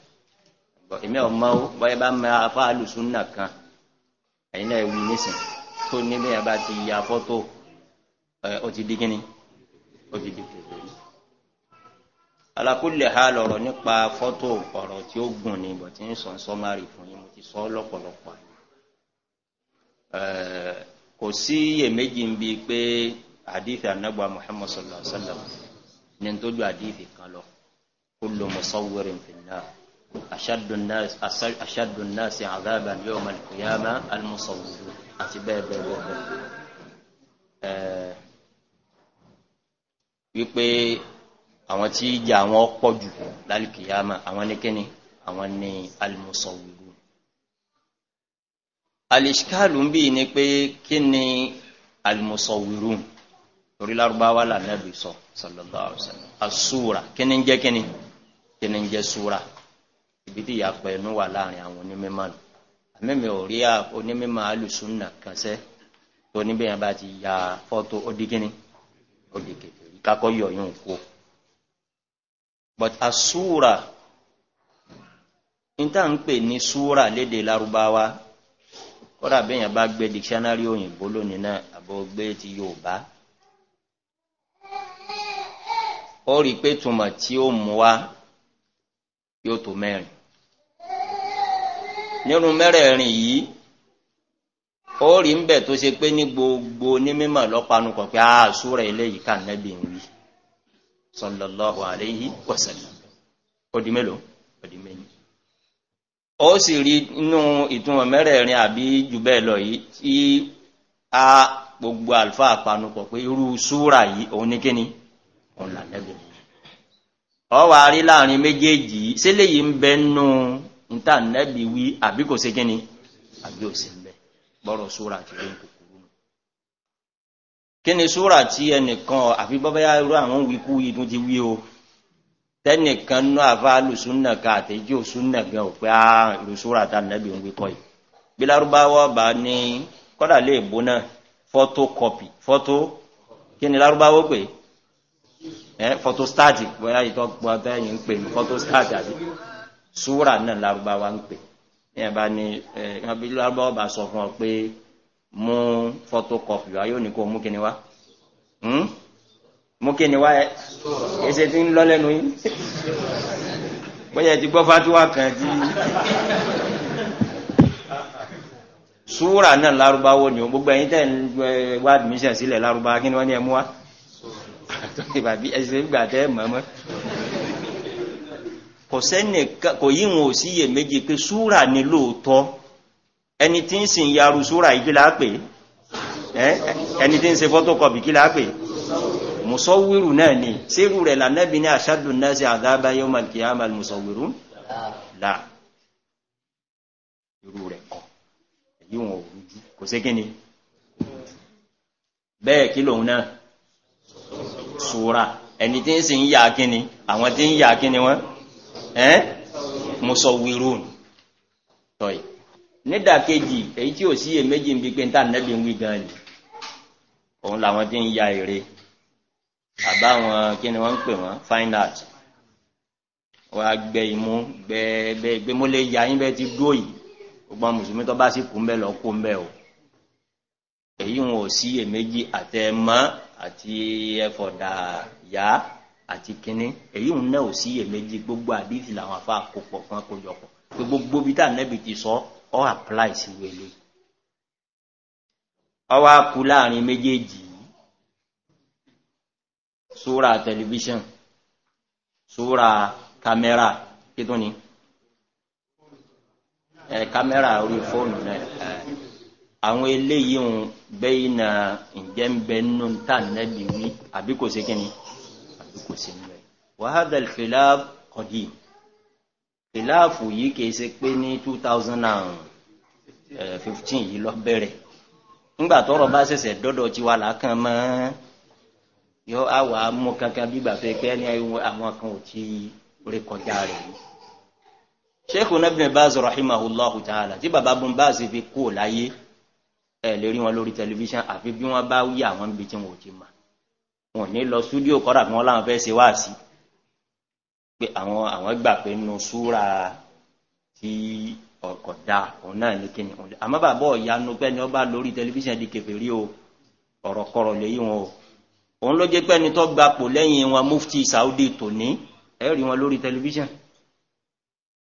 èmi ọmọ o bọ́yẹ bá mẹ afá alùsùnà kan ẹ̀yin náà wí nísìn tó ní bá ti ya fọ́tò ti di ó ti di alákùlẹ̀ ha lọ̀rọ̀ nípa fọ́tò ọ̀rọ̀ tí ó gùn ni bọ̀ tí ń sọ sọ́márì fún yín mo ti sọ lọ́pọ̀lọpọ̀ kò sí iyèméjì ń bi pé wa sallam ní n tó ju àdìfẹ́ kan aṣáàdùn náà sí àgábà yóò máa kò yá má alùmọ́sọ̀wò àti bẹ́ẹ̀ bẹ́ẹ̀ bẹ́ẹ̀ bẹ́ẹ̀. wípé àwọn tí ìjà àwọn pọ̀ jù lálùkìyàmà àwọn ní kíni àwọn ní alùmọ́sọ̀wò. alìṣkálù ń bí ni pé kí ni alùmọ́sọ̀wò torí lárúbáwá là nàbì sọ sọlọ́dọ̀ àwòsàn asúra kí ni ń jẹ́ kí ni kí ni ń jẹ́ súra ibi tí ìyàpọ̀ ẹnu wà láàrin àwọn onímọ̀ nù àmẹ́mi ò rí onímọ̀ alùsùnà kan tó níbẹ̀ bá ti ya fọ́tò ódìkíní ódìkèké kakọ́ yọ̀yún kó but asúra níta ń pè ní súra léde lárúbáwá kódà bẹ́ẹ̀ yẹn bá gbé dictionary òyìnbó lónìí náà àbò gbé ti yorùbá ó rí i pé tùmọ̀ tí ó mú wa yóò tó mẹ́rin nírun mẹ́rẹ̀ẹ̀rin yìí ó rí ń bẹ̀ tó ṣe pé ní gbogbo ní mímọ̀ lọ́panukọ̀ pé ah, àásù rẹ̀ eléyìí kà nẹ́bí ń wí sọlọ́lọ́hùn àléyìí wọ̀sẹ̀lẹ̀ odi mélòó odi méjì ó sì rí inú ìtumọ̀ mẹ́rẹ̀ẹ̀rin àbí jù bẹ́ẹ̀ lọ yìí tí a gbogbo àlùfáà panupọ̀ pé irú súra yìí òun ní kíni òun là nẹ́bí ọ wà rí láàrin méjèèjì sílẹ̀ yìí ń bẹ́ẹ̀ nù. No níta nẹ́bi wí àbí kò ṣe kíni àbí ò ṣe ń bẹ bọ́rọ̀ súra ti rí kúkúrú nù. kí ni súra tí ẹnìkan àfi bọ́báyá irú àwọn wíkú idun ti wí o tẹnìkan náà àfáàlù súnà ká àtẹjú súnà gan ò pé á irú súra tá nẹ́bi ń wí kọ́ yìí. bí lárúbáwá bá ní kọ́dà lè bó náà fọ́tò kọ́pì fọ́tò kí ni lárúbáwá pè é fọ́tò stáàtì bóyá ìtọ́ gbọ́dọ̀ ń pè ní fọ́tò stáàtì àbí súra náà lárúbáwá ń pè ní ẹ̀bá ni ẹ̀yàn bí lárúbáwá bá sọ fún ọ pé mú photocopy wa yóò ní kó mú kíni wá hmm? mú kíni wá ẹ ẹsẹ tí ń lọ lẹ́nu yín bóyá ti gbọ́ fatuwa kan tí súra náà lárúbáwó ni gbogbo ẹ̀yin tẹ̀ ń wá admission sílẹ̀ lárúbáwá kí wọ́n ní ẹ mú wá ẹ̀sìn ìgbà tẹ́ mọ̀ mọ́ kò sẹ́nì kò yí wọn ò síyè méjì pé súrà ni lóòótọ́ ẹni tí ń sìn yaru súrà yìí kí ẹni tí ń se fọ́tọ́kọ̀bì kí láà pè musawiru náà ni sẹ́rù rẹ̀ lànàbí ní aṣáájú náà sí àdábá yóò musawiru là irú rẹ̀ kọ́ èyí wọn ò rújú kò ni bẹ́ẹ̀ kí ni àwọn tí ń yà kí ni wọ́n ẹ́n eh? musawwirun tọ́yì nídàkejì èyí tí ò sí èméjì ń bí pé níta nẹ́bí ń wí gan ni òun làwọn ti ń ya èrè àbáwọn kí ni wọ́n ń pè wọ́n fine art wọ́n á gbẹ imú bẹ́ẹ̀ gbé mo lè ya yín bẹ́ẹ̀ ti dúró yìí gbogbo mùsùlùmí tó bá sì kú ń lọ kó ń o èyí wọn ò sí èméjì àtẹ̀mọ́ àti ẹ̀fọ̀dà yá àti kínní èyí òun náà ò sí iyèméjì gbogbo àdìsí làwọn afa àkópọ̀ fún àkójọpọ̀ pé gbogbo bí tá ànábì ti sọ ọ́ apply sí wele ọwọ́ akú láàrin méjèèjì yìí sóra tẹlifíṣàn sóra kámẹ́rà kí tó ni ẹ kámẹ́rà orí fóònù náà ẹ àwọn eléyìí ń bẹ́yìn náà ǹjẹ́ ń bẹ nínú tá ànábì wí àbí kò sí kínní kò sí ń bẹ̀. wàhálà khilaf kọ̀dí khilaf yìí kìí ṣe pé ní two thousand and fifteen yìí lọ bẹ̀rẹ̀ ńgbà tọrọ bá ṣẹ̀ṣẹ̀ dọ́dọ̀ tí wà lákàn mọ́ yọ àwọ̀ amú kankan bígbà fẹ́ pé ní àwọn kan ò tí rékọjá rẹ̀ yìí sheikh ibn baz rahimahullahu ta'ala tí baba bun baz fi kú láyé ẹ lè rí wọn lórí tẹlifíṣàn àfi bí wọn bá wí àwọn ibi tí wọn ò ti mọ wọn ní lọ súdíò kọ́dà kí wọ́n láwọn fẹ́ ṣe wáàsí pé àwọn àwọn gbà pé nínú súra tí ọkọ̀ da òun náà ní kíni òun àmọ́ bàbá ọ̀yanu pé ni wọ́n bá lórí tẹlifíṣàn di kẹfẹ́rí o ọ̀rọ̀kọ̀rọ̀ lè yí wọn o òun ló jẹ́ pé ẹni tó gba pò lẹ́yìn wọn mufti saudi tòní ẹ rí wọn lórí tẹlifíṣàn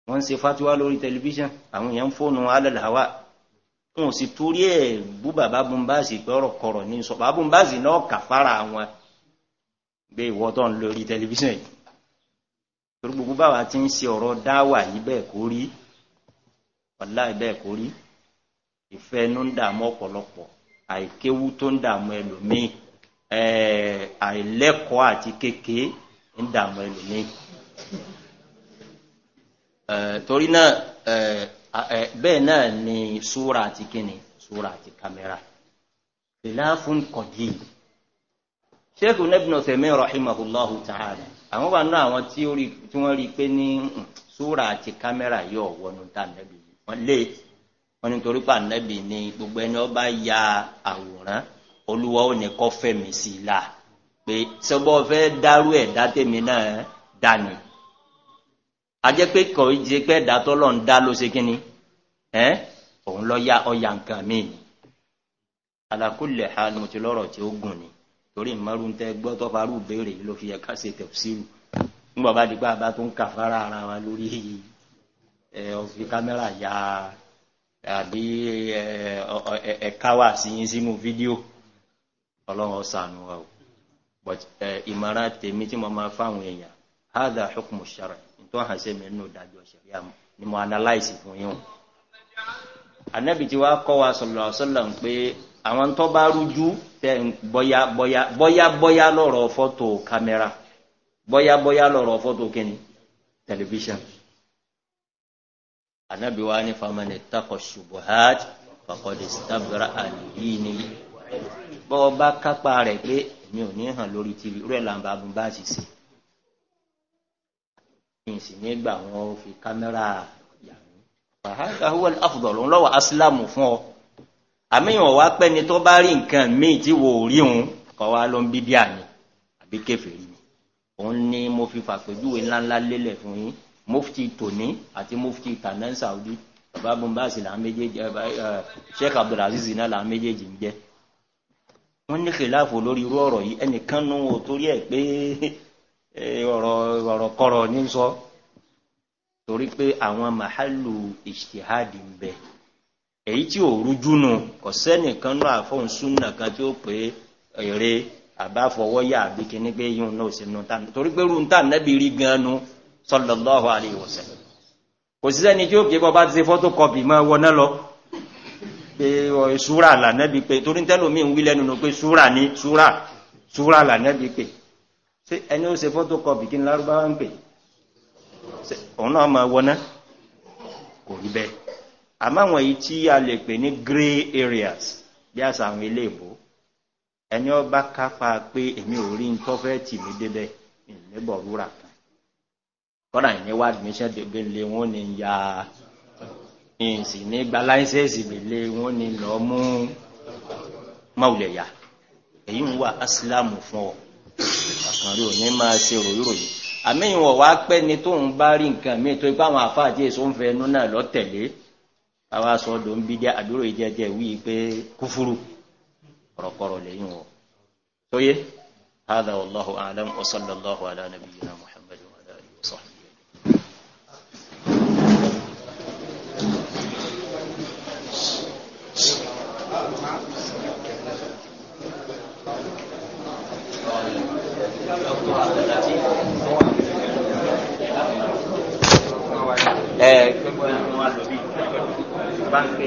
wọ́n ń ṣe fatiwa lórí tẹlifíṣàn àwọn èèyàn ń fóònù alẹ́làwà wọn ò sì torí ẹ̀ bú bàbá bùnbáàsì pé ọ̀rọ̀kọ̀rọ̀ ní sọ bàbá bùnbáàsì náà kà fara àwọn gbé ìwọ lórí tẹlifíṣàn ti ń ṣe ọ̀rọ̀ dáwà yìí bẹ́ẹ̀ kó rí ọ̀la bẹ́ẹ̀ kó rí ìfẹ́ inú ń dààmú ọ̀pọ̀lọpọ̀ àìkéwú tó ń dààmú ẹlòmíì àìlẹ́kọ̀ọ́ àti kéke ń dààmú ni súra àti kíni súra àti kámẹ́rà ìlà fún kọ̀dí yìí. sheikhu nebino sẹmi rahimahulahu ta'ala àwọn wà nù àwọn tí wọ́n rí i pé ní hmm, súra àti kámẹ́rà yóò wọnú tá nẹ́bí wọ́n lé wọ́n ní torí pa nẹ́bí ni gbogbo ẹni ó bá ya àwòrán olúwa ò ní kọ́ fẹ̀mí sí i la pé sọ́gbọ́n fẹ́ dárú ẹ̀ dátẹ́mi náà dànù ajẹ́ pé kọ̀ í jẹ́ pé ẹ̀dá tọ́lọ̀ dá ló ṣe kí òun lọ ya ọya nǹkan míì ni ala kulli hal mo ti lọ́rọ̀ tí ó gùn ni. torí ìmọ̀rú ń tẹ́ gbọ́ tó farú béèrè ló fi ẹ̀ka ṣe tẹ̀síwù bá tó ń kà fara ara wa lórí ẹ kámẹ́rà ya àbí ẹ̀ka wà sí yín sínú fídíò ọlọ́run ọ̀sánù wa but ìmọ̀ràn tèmi tí mo máa fáwọn èèyàn hádà ṣùkùmù ṣàrẹ̀ tó hàn sí mi nínú ìdájọ́ ni mo fún yín o. ànábì tí wàá kọ́ wa àwọn tó bá rújú bọ́yá bọ́yá bọ́yá bọ́yá lọ́rọ̀ fọ́tò kámẹ́rà bọ́yá bọ́yá lọ́rọ̀ fọ́tò kínní tẹlifíṣàn anabi wa ni famani takọ subuhat fakọdi stabra aliyini bọ́ọ̀ bá kápá rẹ̀ pé mi ò ní hàn lórí tv rẹ̀ làǹbà bá sì sí ìsìn nígbà wọn fi kámẹ́rà yà mí fàhálà huwa lọ́wọ́ asilamu fún ọ àmìyàn wá pẹ́ ni tó bá rí nǹkan míì tí wò rí òun kọ́ wá ló ń bí díà ni àbí kẹfìrí ni òun ni mo fi fàpèjúwe ńláńlá lélẹ̀ fún yín mufti tòní àti mufti tànán saudi bàbá bombasi là ń méjèèjì sheikh abdulaziz náà là ń méjèèjì ń jẹ wọn ní kìláàfù lórí irú ọrọ yìí ẹnìkan nù torí ẹ pé ọrọ ọrọ kọrọ ní sọ torí pé àwọn màhálù ìṣtìhádì ń bẹ èyí tí ò rújúnu ọ̀sẹ́nìkan náà àfọ̀hún súnà kan tí ó pè é èrè àbáfọwọ́yà àbí kíní pé yíyún náà ṣe nu tán torí pé rú tán nẹ́bi rí gan nu sọlọ́lọ́hu aleyhi wọ̀sẹ̀ kò sí sẹ́ni tí ó pè é bọ́ba ti ṣe fọ́tò kọ́pì mọ́ lọ pé ṣúra là pé torí tẹ́lómi ń wí lẹ́nu nu pé ṣúra ni ṣúra ṣúra là nẹ́bi pé ṣé ẹni ó ṣe fọ́tò kọ́pì kí ni lárúbáwá ń pè òun náà máa wọ kò rí bẹ́ẹ̀ àmọ́ àwọn èyí tí a lè pè ní grey areas bí àṣà àwọn ilé ìbò ẹni ọba kápá pé èmi ò rí ntọ́fẹ́ tì mí débẹ̀ níbọ̀ rúra kan kọ́dà ní wá admission dèbè lé wọn ni ya ìsì ní gba láńsẹ̀sì mi lé wọn ni lọ mú máwùlẹ̀ yá èyí ń wà asilamu fún ọ àkànrí òní máa ṣe ròyìnròyìn àmì ìwọ̀n wá pẹ́ tóun bá rí nǹkan mi tó ipá àwọn àfáà tí èso ń fẹ́ ẹnu náà lọ àwa sọ asọ́dọ̀ ń bí dé àdúrò ìjẹ́jẹ́ wí pé kúfúrú ọ̀rọ̀kọ̀rọ̀ lẹ́yìn wọn tó yé hádà wallahu a'lam wa sallallahu ala nabiyyina muhammad wa ala alihi wa sahbihi banque de